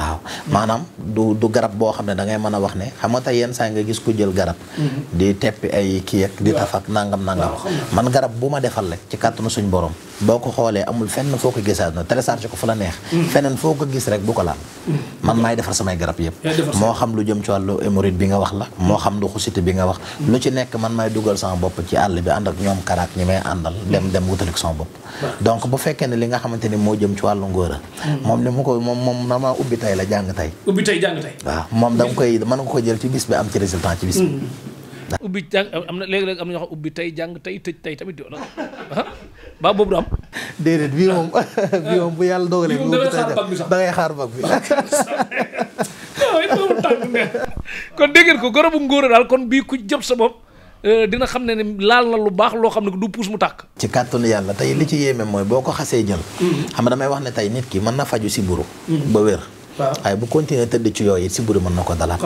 waaw maanaam du du garab boo xam ne da ngay mën a wax ne xam nga tey yenn saa nga gis ku jël garab mm-hmm. di teppi ay kii ak di tafak nangam nangam man garab bu ma defal rek ci kàttanu suñ borom boo ko xoolee amul fenn foo ko gisaat na télécharge ko fu la neex mm-hmm. feneen foo ko gis rek bu ko laal mm-hmm. man maay defar samay garab yëpp moo xam lu jëm ci wàllu hémorroïde bi nga wax la moo xam lu xusite bi nga wax lu ci nekk man maay dugal sama bopp ci àll bi ànd ak ñoom karaat ñi may àndal dem dem wutalik sama bopp donc moo jëm ci wàllu ngóora mm-hmm. moom ni mu ko moom moom normalement ubbi tay la jàng tay ubbi tay jàng tay moom da nga koy mën nga ko jël ci bis bi am ci résultat ci bis bi mm-hmm. ubbi jàng am na léegi-léegi am na ñoo xam ubbi tay jàng tay tëj tay tamit yow ah, ba boobu du am déedéet bii moom bii moom bu yàlla dogalee bu ubbi tay da ngay xaar bag bi ah, kon dégg ngeen ko gorobu ngóora daal kon bii ku jëm sa bopp Euh, dina xam ne ne laal na lu baax loo xam ne du puus mu tàkk ci kàttanu yàlla tey li ci yéeme mooy boo ko xasee jël mm-hmm. xam nga damay wax ne tey nit ki mën na faju si buru mm-hmm. ba wér waaye bu continuer tëdd ci yooyu si buri mën na ko dalaat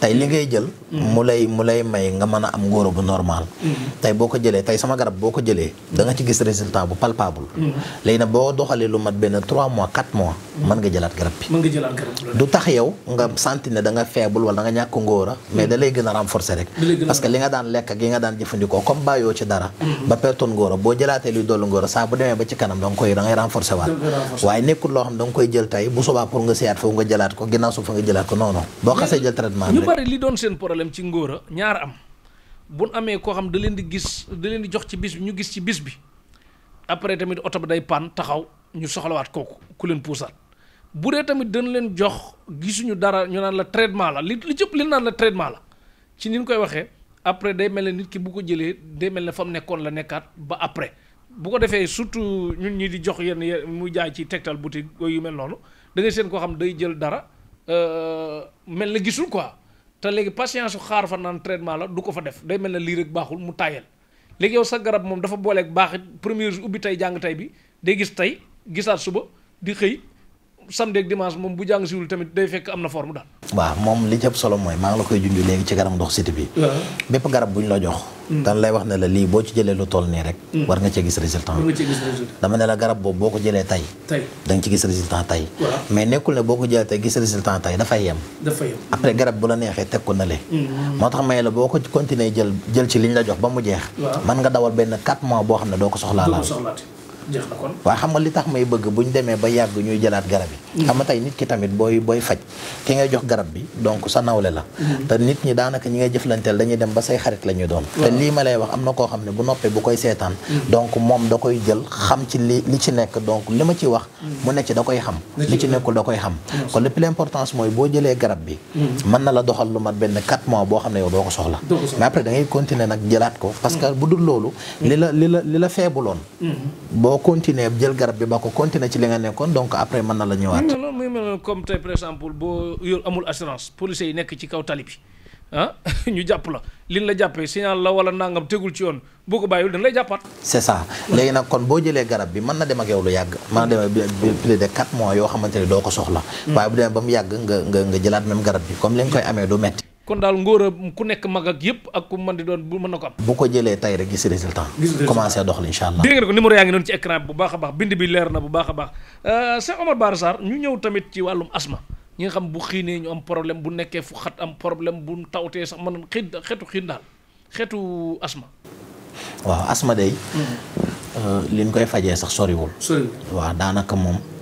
tey li ngay jël mm-hmm. mu lay mu lay may nga mën a am ngóoro bu normal mm-hmm. tey boo ko jëlee tey sama garab boo ko jëlee da nga ci gis résultat bu palpable mm-hmm. léegi nag boo doxalee lu mat benn 3 mois 4 mois mën nga jëlaat garab bi du tax yow nga senti ne da nga faible ñàkk ngóora mais da gën a renforcer rek parce que li nga daan lekk ak nga daan jëfandikoo comme bàyyoo ci dara ba pertoon nga jëlaat ko ginnaaw suba nga jëlaat ko non non boo xasee jël traitement ñu bari li doon seen problème ci ngóora ñaar am buñ amee koo xam da leen di gis da leen di jox ci bis bi ñu gis ci bis bi après tamit oto bi day pan taxaw ñu soxlawaat kooku ku leen puusaat bu dee tamit dañ leen jox gisuñu dara ñu naan la traitement la li li cëpp li naan la traitement la ci ni ñu koy waxee après day mel ne nit ki bu ko jëlee day mel ne fa mu nekkoon la nekkaat ba après bu ko defee surtout ñun ñi di jox yenn muy jaay ci Tektal boutique yu mel noonu da ngay seen koo xam day jël dara euh, mel na gisul quoi te léegi patience su xaar fa naan traitement la du ko fa def day mel na lii rek baaxul mu tayal léegi yow sa garab moom dafa booleek baax premier jour ubbi tey jàng tey bi day gis tey gisaat suba di xëy samedi ak dimanche moom bu jàng siwul tamit day fekk am na forme daal. waaw moom li jëm solo mooy maa ngi la koy junj léegi ci garab ndox siti bi. bépp garab bu ñu la jox. Mm. dan lay wax ne la lii boo ci jëlee lu toll nii rek mm. war nga cee gis résultat dama ne garab boobu boo ko jëlee tey tey da nga ci gis résultat tey mais nekkul ne boo ko jëlee tey gis résultat tey dafay yem après garab bu la neexee teg ko na le mm. moo tax may la boo ko continuer jël jël ci liñ la jox ba mu jeex man nga dawal benn 4 mois boo xam ne doo ko soxlaa laal waaw xam nga li tax may bëgg bu ñu demee ba yàgg ñuy jëlaat garab yi mm-hmm. xam nga tey nit ki tamit booy booy faj ki ngay jox garab bi donc sa nawle la mm-hmm. te nit ñi daanaka ñi ngay jëflanteel dañuy dem ba say xarit la ñu doon te lii ma lay wax am na koo xam ne bu noppee bu koy seetaan mm-hmm. donc moom da koy jël xam ci li li ci nekk donc li ma ci wax mu nekk ci da koy xam li ci nekkul da koy xam kon le plus important mooy boo jëlee garab bi mën na la doxal lu ma benn 4 mois boo xam ne yow doo ko soxla mais après da ngay continuer nag jëlaat ko parce que bu dul loolu li la li la la feebuloon boo continuer jël garab bi ba ko continuer ci li nga nekkoon donc après mën na la ñëwaat. muy mel muy mel comme tey par exemple boo yor amul assurance policier yi nekk ci kaw tali bi ah, ñu jàpp la liñ la jàppee signal la wala nangam tegul ci yoon boo ko bàyyiwul dañ lay jàppaat. c'est ça léegi nag kon boo jëlee garab bi mën na dem lu yàgg. mën na dem ak plus de 4 mois yoo hmm. yàgg comme li koy amee du metti kon daal ngóor ku nekk mag ak yëpp ak ku man di doon bu mën na ko am bu ko jëlee tay rek gis résultat commencé doxal insha allah dégg ngeen ko numéro yaa ngi doon ci écran bi bu baax a baax bind bi leer na bu baax a baax euh, Cheikh Omar Bara ñu ñëw tamit ci wàllum asma ñi nga xam bu xiinee ñu am problème bu nekkee fu xat am problème bu tawtee sax mën xiin xeetu xiin daal xeetu asma waaw asma day mm-hmm. euh, liñ koy fajee sax soriwul waaw daanaka moom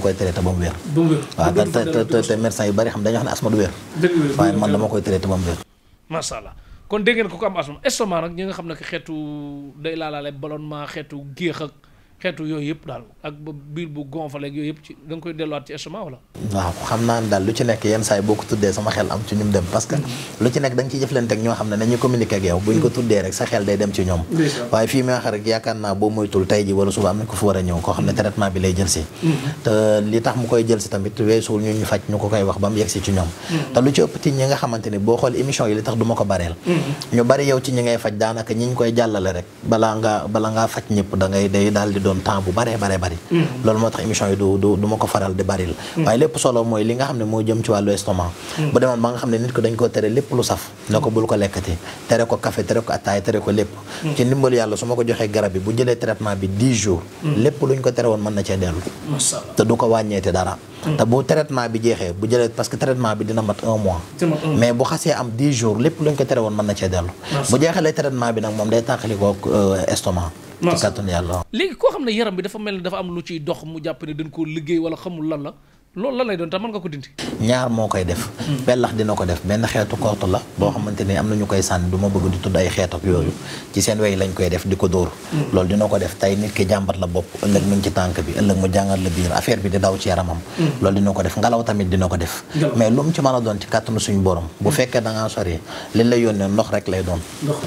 dama koy traité ba mu wér. waaw te te te médecin yu bari xam dañuy wax ne asma du wér. man dama koy traité ba mu wér. macha allah kon dégg ko ko am asma estomac nag ñi nga xam ne xeetu day xeetu géex xeetu yooyu yëpp daal ak biir bu gonfale yooyu yëpp ci da koy delluwaat ci estomac wala. waaw xam naa ne daal lu ci nekk yenn saa boo ko tuddee sama xel am ci ñum dem parce mm-hmm. lu ci nekk da nga ciy ak ñoo xam ne nañu mm-hmm. boo mm-hmm. xool émission yi li tax du ko bareel ñu bari yow ci ñi ngay faj daanaka ñi ñu koy jàllale rek bala nga bala ngaa faj ñëpp da day daal di doon boppam temps bu baree baree bari loolu moo tax émission yi du ma ko faral di baril waaye lépp solo mooy li nga xam ne moo jëm ci wàllu estomac bu demoon ba nga xam ne nit ko dañ koo tere lépp lu saf ne ko bul ko lekkati tere ko café tere ko attaay tere ko lépp ci ndimbalu yàlla su ma ko joxee garab bi bu jëlee traitement bi bi jeexee jours lépp luñ ko tere woon mën na cee dellu bu jeexalee traitement bi nag moom day tàqalikoo euh, estomac ci kàttanu yàlla léegi koo xam ne yaram bi dafa mel ni dafa am lu ciy dox mu jàpp ne dañ koo liggéey wala xamul lan loolu lan lay doon tam mën nga ko dindi. ñaar moo koy def. Hmm. bellax dina ko def benn xeetu kort la boo xamante ni am na ñu koy sànni du ma bëgg di tudd ay xeet yooyu ci seen wey lañ koy def di ko dóor. Hmm. loolu dina ko def tey nit ki jàmbat la bopp ëllëg mu ci tànk bi ëllëg mu jàngat la biir affaire bi di daw ci yaramam. Hmm. lool dina ko def ngelaw tamit dina ko def. mais lu mu ci mën a doon ci kàttanu suñu borom. bu fekkee da ngaa sori li la yónnee ndox rek lay doon.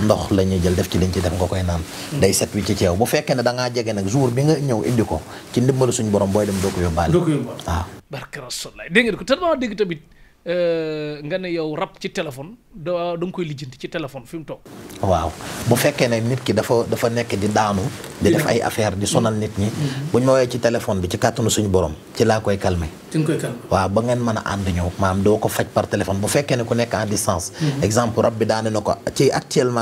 ndox la ñuy jël def ci liñ ci def koy naan. day set wi ci ceew bu fekkee ne da ngaa jege nag bi nga ñëw indi ko ci ndimbalu suñu borom booy dem doo ko yóbbaale waaw barke rasulaay dégg ngeen ko tellement dégg tamit Euh, nga ne yow rab ci téléphone da nga koy lijjanti ci téléphone fi mu toog. waaw bu fekkee ne nit ki dafa dafa nekk di daanu. di def ay affaire di sonal nit ñi. Mhm. bu ñu bi ci kàttanu ci laa koy calmer. ba ngeen mën a ànd ñëw doo ko bu fekkee ku nekk en distance. Mhm.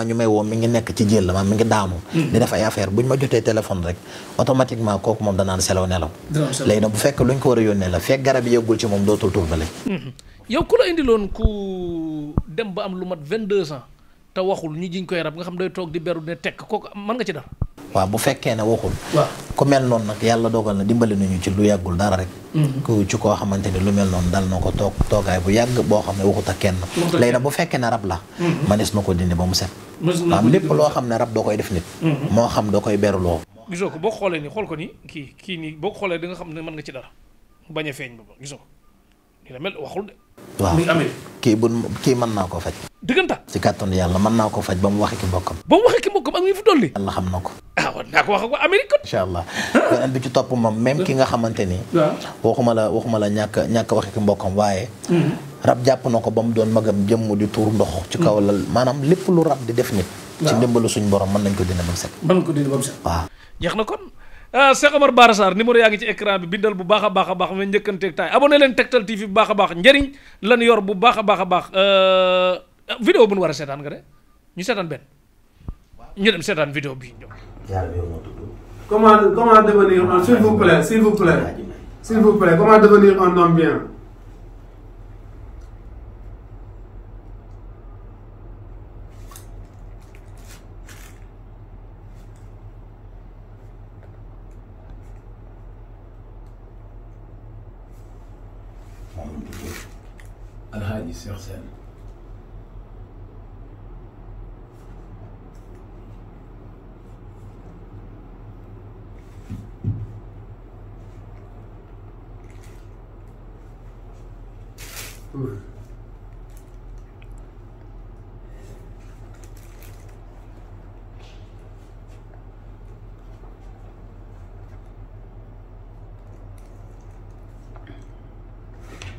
ñu may woo mi ngi nekk ci jël la maam mi ngi daanu. Mhm. di def ay affaire bu ñu ma jotee téléphone rek automatiquement kooku moom danaan selaw nelaw. léegi nag bu fekkee luñ ko war a yónnee la fekk garab yi yëgul ci moom dootul turbale yow ku la indiloon ku dem ba am lu mat vingt deux ans te waxul ñu jiñ koy rab nga xam day toog di beru ne tekk kooku mën nga ci dara. waaw bu fekkee ne waxul. waaw ku mel noonu nag yàlla dogal na dimbali nañu ci lu yàggul dara rek. Mm-hmm. ku ci koo xamante ni lu mel noonu dal noo ko toog toogaay bu yàgg boo xam ne waxut ak kenn. léegi nag bu fekkee ne rab la. Mm-hmm. manees na ko dindi ba mu set. lépp loo xam ne rab doo koy def nit. Mm-hmm. moo xam doo koy beruloo. gisoo ko boo xoolee ni xool ko ni kii kii nii boo xoolee da nga xam ne mën nga ci dara ba gisoo ni la waaw mi ngi amee. kii bu kii mën naa ko faj. digganta. si kàttanu yàlla mën naa ko faj ba mu waxee ki mbokkam. ba mu waxee ki mbokkam ak ñi fi dolli. yàlla xam na ko. ah war naa ko wax ak waa Amérique. allah beneen bi ci topp ma même ki nga xamante ni. waxuma la waxuma la ñàkk ñàkk waxee ki mbokkam waaye. Hmm. rab jàpp na ko ba mu doon magam mu di tuur ndox. ci kaw lal hmm. maanaam lépp lu rab di def nit. ci ndimbalu suñ borom mën nañ ko dina ba mu set. mën jeex na kon ah Cheikh Omar Bara Sarr numéro yaa ngi ci écran bi bindal bu baax a baax a baax ma njëkkanteeg taay abonné leen TV bu baax a baax njëriñ lan yor bu baax a baax a baax euh, vidéo bu nu war a seetaan nga de ñu seetaan benn ñu dem seetaan vidéo bi comment comment devenir un s'il vous plaît s'il vous plaît s'il vous comment devenir un homme gis sur scène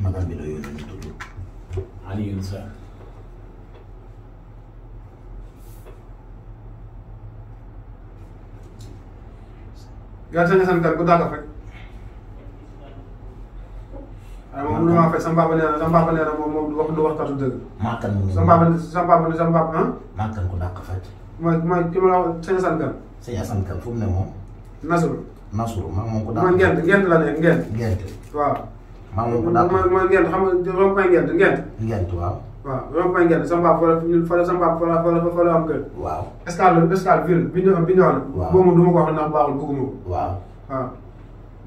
Madame, il a eu une on the inside. gartanasan kat ku daaka fekk waaye moom lu ma fekk sa mbaaba nee na sa mbaaba nee na moom moom wax du waxtaatu dëgg maakan moom sa mbaaba sa mbaaba sa mbaaba ah maakan ku daaka fekk mooy mooy ki ma la wax sëñ Assane Kan sëñ Assane Kan fu mu ne moom nasuru nasuru man moom ku daaka moom ngent ngent la nekk ngent ngent waaw maa ngi ko dàq man man ngent xam nga rond-point ngent ngent. ngent waaw. waaw rond-point ngent sama papa fa la fa la sama papa fa la fa la am kër. waaw escale escale ville bi ñu bi ñu wax. waaw boobu du ma ko wax ndax baaxul bëgguma ko. waaw waaw.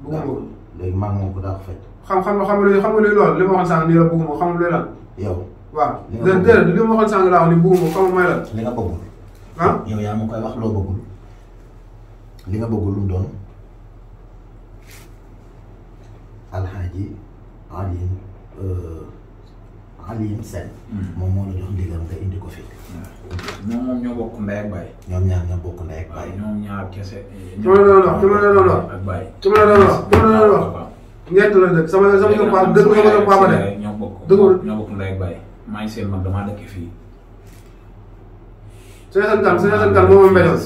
bëgguma ko léegi maa ngi ko dàq fekk. xam xam xam nga xam nga loolu li ma waxoon sànq nii la bëgguma xam nga loolu lan. yow. waaw déedéet li ma waxoon sànq laa wax ni bëgguma xam nga mooy lan. li nga bëggul. ah yow yaa ma koy wax loo bëggul. li nga bëggul lu doon alxaaji Alim Alim Sen. moom moo la jox ndigal nga indi ko fi. moom hmm. moom ñoo bokk ndey ak baay. ñoom ñaar ñoo bokk ndey ak baay. ñoom ñaar kese. dama la doon wax dama la doon wax ak baay. dama la doon wax dama la doon wax. ñeent la dëkk sama sama kër Paa dëkk sama kër Paa ma de. ñoo bokk ñoo bokk ndey ak baay. maa ngi seen mag damaa dëkk fii. Sénégal Tall Sénégal Tall moo ma mbeloon.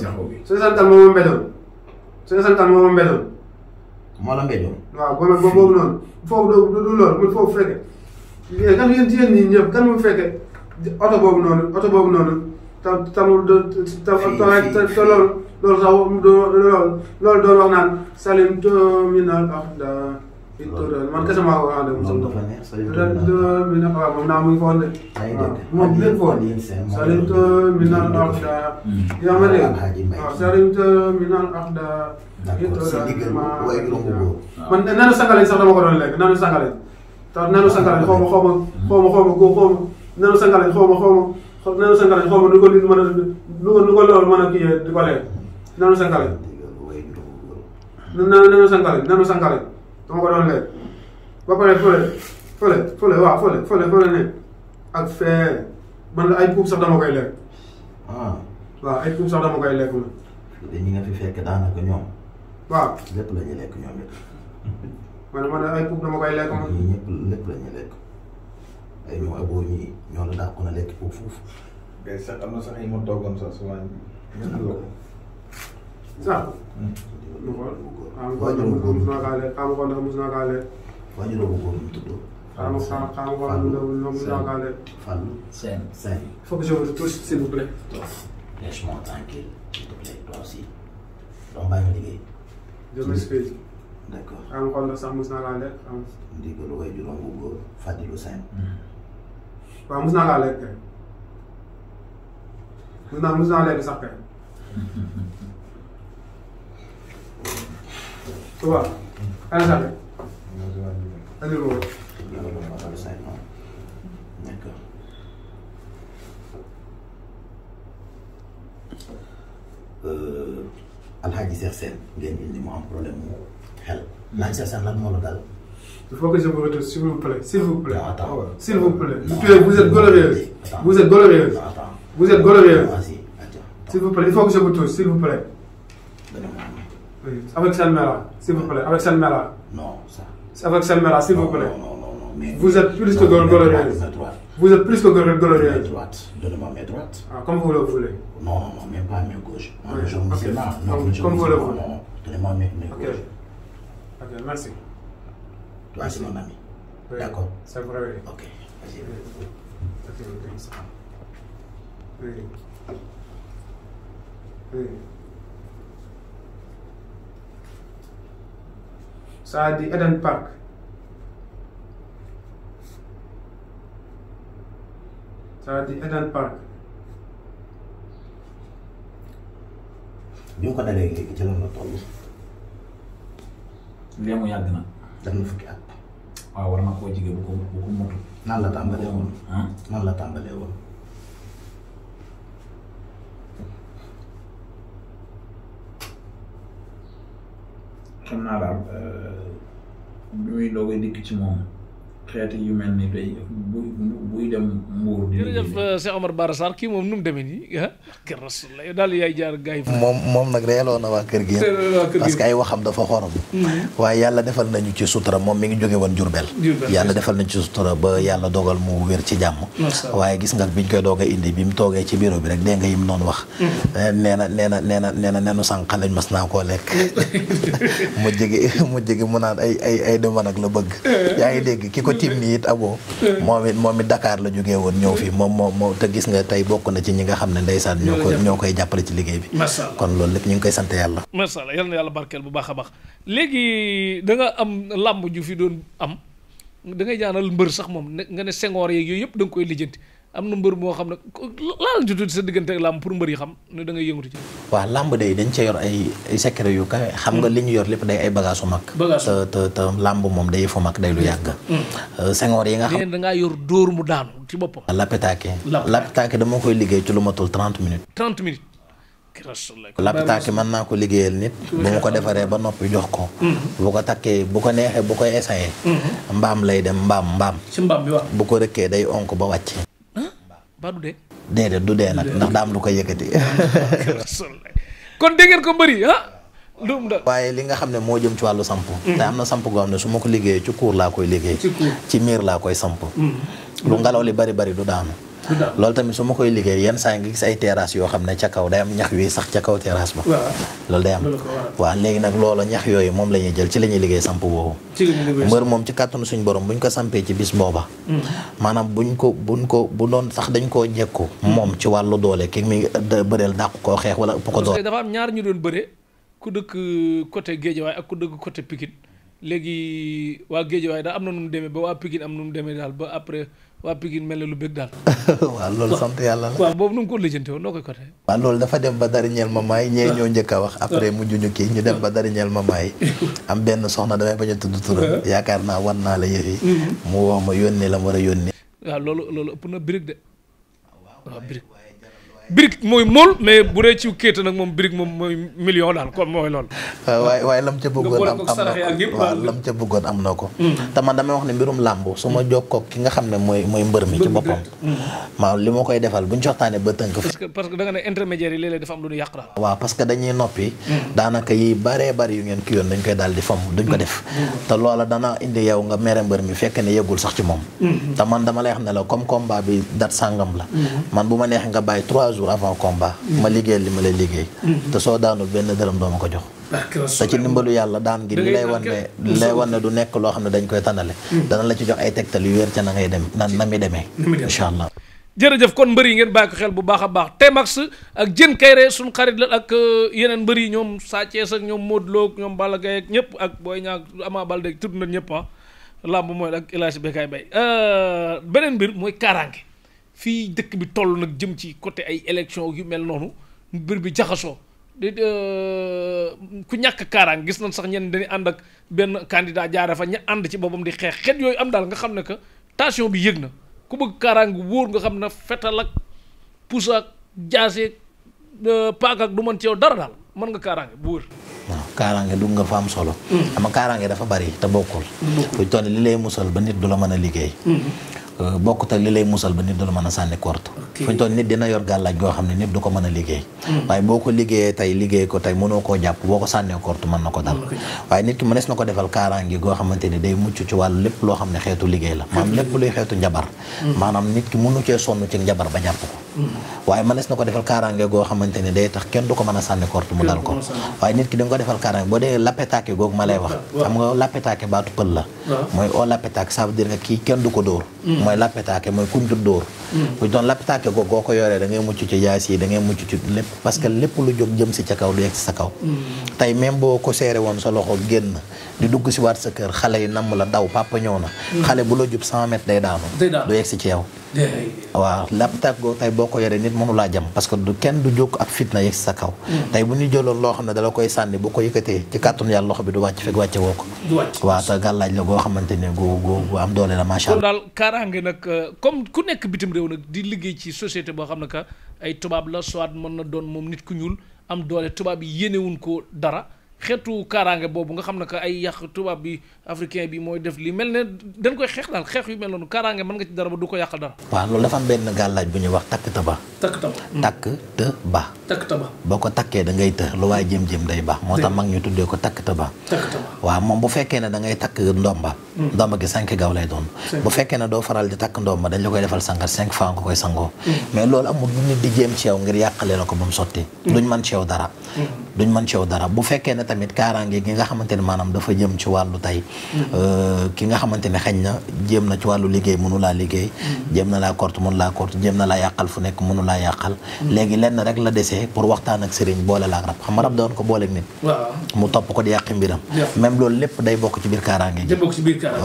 Sénégal Tall moo ma mbeloon. Sénégal Tall moo ma mbeloon. Mawla Mbédior. waaw boobu boobu noonu foofu du du loolu man foofu fekke fekkee kan yéen yéen ñii ñëpp kan mu fekke oto boobu noonu oto boobu noonu tam tamul do tam te loolu loolu sax loolu loolu doon wax naan salim tominal ahda ittural man kese maa ko wax de. moom dafa ne salim tominal ahda moom naa mu ngi foon de. moom bi ngeen foon salim tominal ahda mm. yaa ma dégg waaw salim tominal ahda d'accord si diggal waaye juróom bu góor. man nanu sangaleñ sax dama ko doon lekk nanu sangaleñ. tax nanu sangaleñ xaw ma xaw ma xaw ma xaw ma góor xaw ma nanu sangaleñ xaw ma xaw ma nanu sangaleñ xaw ma nu ko nit mën a nu ko nu ko loolu mën a kii di ko lekk nanu sangaleñ. nanu nanu sangaleñ nanu sangaleñ dama ko doon lekk ba pare fële fële fële waaw fële fële fële ne ak fee man la ay puub sax dama koy lekk. Ah. waaw ay puub sax dama koy lekk man. te ñi nga fi fekk daanaka ñoom. waaw lépp la ñuy lekk ñoom it. man man ay puub dama koy lekk man. ñii ñëpp lépp la ñuy lekk ay ñoom aboo ñii ñoo la daa ko a lekk puub foofu. mais sax am na sax ay ma toogoon sax souvent ñu. sax. lu ko waajal bu góor mos naa kaa lekk xaaral ma ko ndax mos naa kaa lekk. waajal bu góor mu tudd. xaaral ma xaaral xaaral ma ko ndax mos naa kaa lekk. Fallou Sène Sène. faut que je vous touche s'il vous plaît. donc laisse-moi tranquille s'il te plaît toi aussi. donc bàyyi ma liggéey. je m'explique. d'accord am xool na sax mos naa laa lekk am. ndigal way juróom bu góor Fadilou Sène. Hmm. waaw mos naa laa lekk kay. mos naa mos naa lekk sax kay. suba. ana sax kay. andi ko. ndigal Fadilou Sène non d'accord. Euh... Alhaji Cheikh Sène ngeen indi mu am mu xel. Alhaji Cheikh Sène lan moo la dal. il faut que je me retrouve s'il vous plaît s'il vous plaît. waaw ah attends s'il vous plaît. vous êtes glorieux. vous êtes avec seen mela s'il vous plaît avec seen mela. non ça. avec seen mela s'il vous plaît. non non Vous êtes plus que Golorian Mes droites. Donnez-moi ah, comme vous le voulez. Non, non, non, même pas mes gauches. Moi, oui. je okay. me Comme vous le voulez. Non, non. Donnez-moi Eden Park. c'est-à-dire Eden Park. bi nga ko dalee léegi ci lan la toll. léemu yàgg na. def na fukki at. waaw war na koo jigéen bu ko bu ko motul. nan la tàmbalee woon. nan la tàmbalee woon. xam naa daal euh, bi muy doog a dikk ci moom. xeeti yu mel ni day buy dem mbuur di euh, kii moom nu demee nii ah kër rasul la daal yaay jaar gaay moom moom nag reeloo na waa kër gi parce que ay waxam dafa xorom mhm. waaye yàlla defal nañu ci sutura moom mi ngi jóge woon Jurbel yàlla defal nañu ci sutura ba yàlla dogal mu wér ci jàmm waaye gis nga biñ koy doog a indi bi mu toogee ci bureau bi rek dégg nga yim noonu wax mhm. eh, nee na nee na nee na nee na nenu sànq lañ mas naa koo lekk mu jege mu jege mu naan ay ay ay dama nag la bëgg eh. yaa ngi ki ko tim ni it abo moom it moom it Dakar la jógee woon ñëw fii moom moom moo te gis nga tey bokk na ci ñi nga xam ne ndeysaan ñoo ko ñoo koy jàppale ci liggéey bi kon loolu lépp ñu ngi koy sante yàlla macha allah yal na yàlla barkeel bu baax a baax léegi da nga am làmb ju fi doon am da ngay ñaanal mbër sax moom nga ne Senghor yeeg yooyu yëpp da nga koy lijjanti am na mbër moo xam ne laal jutu sa diggante ak làmb pour mbër yi xam ne da ngay yëngatu ci waaw làmb day dañ ca yor ay ay yu kawe xam nga hmm. li ñu yor lépp day ay bagage su mag te te làmb moom day fu mag day lu hmm. yàgg hmm. euh, sengoor yi nga xam da ngaa yor dóor mu daanu ci boppam ah, lapitaake lapitaake dama koy liggéey ci lu matul trente minutes trente minutes lapitaake mën naa ko liggéeyal nit bu ma ko defaree ba noppi jox ko boo ko takkee bu ko neexee bu koy essayé mbaam lay dem mbaam mbaam bu ko rëkkee day onk ba wàcc ba du dee. déedéet du dee nag ndax daa am lu ko yëkkati. kon dégg ngeen ko bëri ah. waaye li nga xam ne moo jëm ci wàllu samp mm. te am na samp goo xam ne su ma ko liggéeyee ci kuur laa koy liggéey ci miir laa koy samp mm. lu ngelaw li bari bari du daanu loolu tamit su ma koy liggéey yenn saa nga gis ay terrasse yoo xam ne ca kaw day am ñax yuy sax ca kaw terrasse ba loolu day am waaw léegi nag loola ñax yooyu moom la ñuy jël ci la ñuy liggéey samp boobu mbër moom ci kàttanu suñ borom buñ ko sampee ci bis booba hmm. maanaam buñ ko buñ ko bu doon sax dañ koo jekku moom ci wàllu doole ki muy bëreel dàq koo xeex wala ëpp ko doole dafa am ñaar ñu doon bëre ku dëkk côté Guédiawaye ak ku dëkk côté Pikine léegi waa ba waa Pikine am waa Pikine mel na lu bëgg daal. waaw loolu sant yàlla la. waaw boobu nu mu ko lijjante woon noo koy côté. waaw loolu dafa dem ba dari ñeel mama yi ñee ah. ñoo njëkk a wax. après ah. mujj ñu kii ñu dem ba dari ñeel ma yi. am benn soxna damay bañ a tudd turam. Ah. yaakaar naa war naa la yëf yi. Mm-hmm. mu wax ma yónnee la mu war a yónnee. waaw loolu loolu ëpp na birig de. waaw birig. brique mooy mool mais bu dee ci kéeta nag moom brique moom mooy million daal comme moo loolu. waaye waaye lam ca bëggoon am am na ko waaw am na ko. te man damay wax ne mbirum làmb su ma hmm. jokkoo ki nga xam ne mooy mooy mbër mi ci boppam. Hmm. maanaam li ma koy defal bu ñu waxtaanee ba tënk. parce que que da nga ne intermédiaire yi léeg-léeg dafa am lu hmm. yu ngeen ki yoon dañ koy daal di fam duñ ko def. te loola dana indi yow nga mere mbër mi fekk ne yëgul sax ci moom. man dama lay wax ne la comme combat bi date sàngam la. man bu ma neex nga bàyyi jours avant combat. ma liggéey li ma lay liggéey. Mm-hmm. soo daanul benn dërëm doo ma ko jox. te ci ndimbalu yàlla daan gi li lay wan ne li nekk loo xam ne dañ koy tanale. Mm-hmm. dana la ci jox ay tegtal yu wér ca na ngay dem na na mi demee. incha jërëjëf kon mbër yi ngeen bàyyi ko xel bu baax a baax Tmax ak Diène Kairé suñu xarit la ak euh, yeneen mbër yi ñoom Sa Thiès ak ñoom Modou Lo ak ñoom Balla Gaye ak ñëpp ak Boy Niang Ama Baldé tudd na ñëpp ah mooy ak El Hadj Bécaye Mbaye euh, beneen mbir mooy kaaraange fii dëkk bi toll nag jëm ci côté ay élection yu mel noonu mbir bi jaxasoo euh, ku ñàkk kaaraan gis nañ sax ñenn dañuy ànd ak benn candidat jaare fa ña ànd ci boppam di xeex xeet yooyu am daal nga xam ne que tension bi yëg na ku bëgg kaaraan gu wóor nga xam ne fetal ak puus ak jaase euh, paaka ak du mën ci dara daal mën nga kaaraange bu wër. waaw kaaraange du nga fa am solo. Mm. ama kaaraange dafa bari te bokkul. bu mm. ñu li lay musal ba nit du la mën a liggéey. Mm. Euh, bokkut ak li lay musal ba nit du la a sànni korte fu ñu toll nit dina yor gàllaaj goo xam ne nit du ko mën a liggéey hmm. waaye boo ko liggéeyee tey liggéey ko tey mënoo koo jàpp boo ko hmm. ba jàpp ko hmm. waaye mënees na ko defal kaaraange goo xamante ni day tax kenn du ko mën a sànni korte mu dal ko waaye nit ki da nga ko defal kaaraange boo dee lappetaake googu ma lay wax xam nga lappetaake baatu pël la ah. mooy oo lappetaake ça veut dire kii kenn du ko dóor mooy lappetaake mooy kuñ du dóor bu mm. doon lappetaake ko goo ko yoree da mucc ci jaas yi da ngay mucc ci lépp parce que lépp lu jóg jëm ca kaw du yegg sa kaw mm. tey même boo ko seere woon sa loxo génn di dugg si waat sa kër xale yi namm la daw papa ñëw na mm. xale bu la jub 100 mètres day daanu du yegg si waaw lab tàggoo tey boo ko yoree nit mënu jam parce que du kenn du jóg ak fitna yegg sa kaw mm. tey bu ñu jëloon loo xam ne dala koy sànni bu ko yëkkatee ci kàttanu yàlla loxo bi du wàcc fekk wàcce woo ko waaw te gàllaaj la goo xamante ne gu gu gu am doole la macha kaaraange nag euh, comme ku nekk bitim réew nag di liggéey ci société boo xam ne que ay tubaab la soit mën na doon moom nit ku ñuul am doole tubaab yi ko dara xeetu kaaraange boobu nga xam ne que ay yàq tubaab bi africain bi mooy def li mel ne dañ koy xeex daal xeex yu mel noonu kaaraange mën nga ci dara ba du ko yàqal dara. waaw loolu dafa am benn gàllaaj bu ñuy wax takk ta mm. ba. takk ta ba takk ba. takk boo ko takkee da ngay të lu waay jëm jëm day baax. moo tax mag ñu tuddee ko takk ta ba. takk ta moom bu fekkee ne da ngay takk ndomba. Mm. ndomba gi cinq gaaw lay doon. bu fekkee ne doo faral di takk ndomba dañ la koy defal sangat cinq fois koy sangoo. Mm. mais loolu amul lu nit di jéem ci ko ba mu sotti. duñ mën ci yow tamit kaaraange gi nga xamante ne maanaam dafa jëm ci wàllu tey euh, ki nga xamante ne xëy na jéem na ci wàllu liggéey mënu laa liggéey jéem na laa korte mënu laa korte jéem na laa yàqal fu nekk mënu yàqal léegi lenn rek la desee pour waxtaan ak sëriñ boole laa rab xam nga rab doon ko booleeg nit mu topp ko di yàqi mbiram même loolu lépp day bokk ci biir kaaraange gi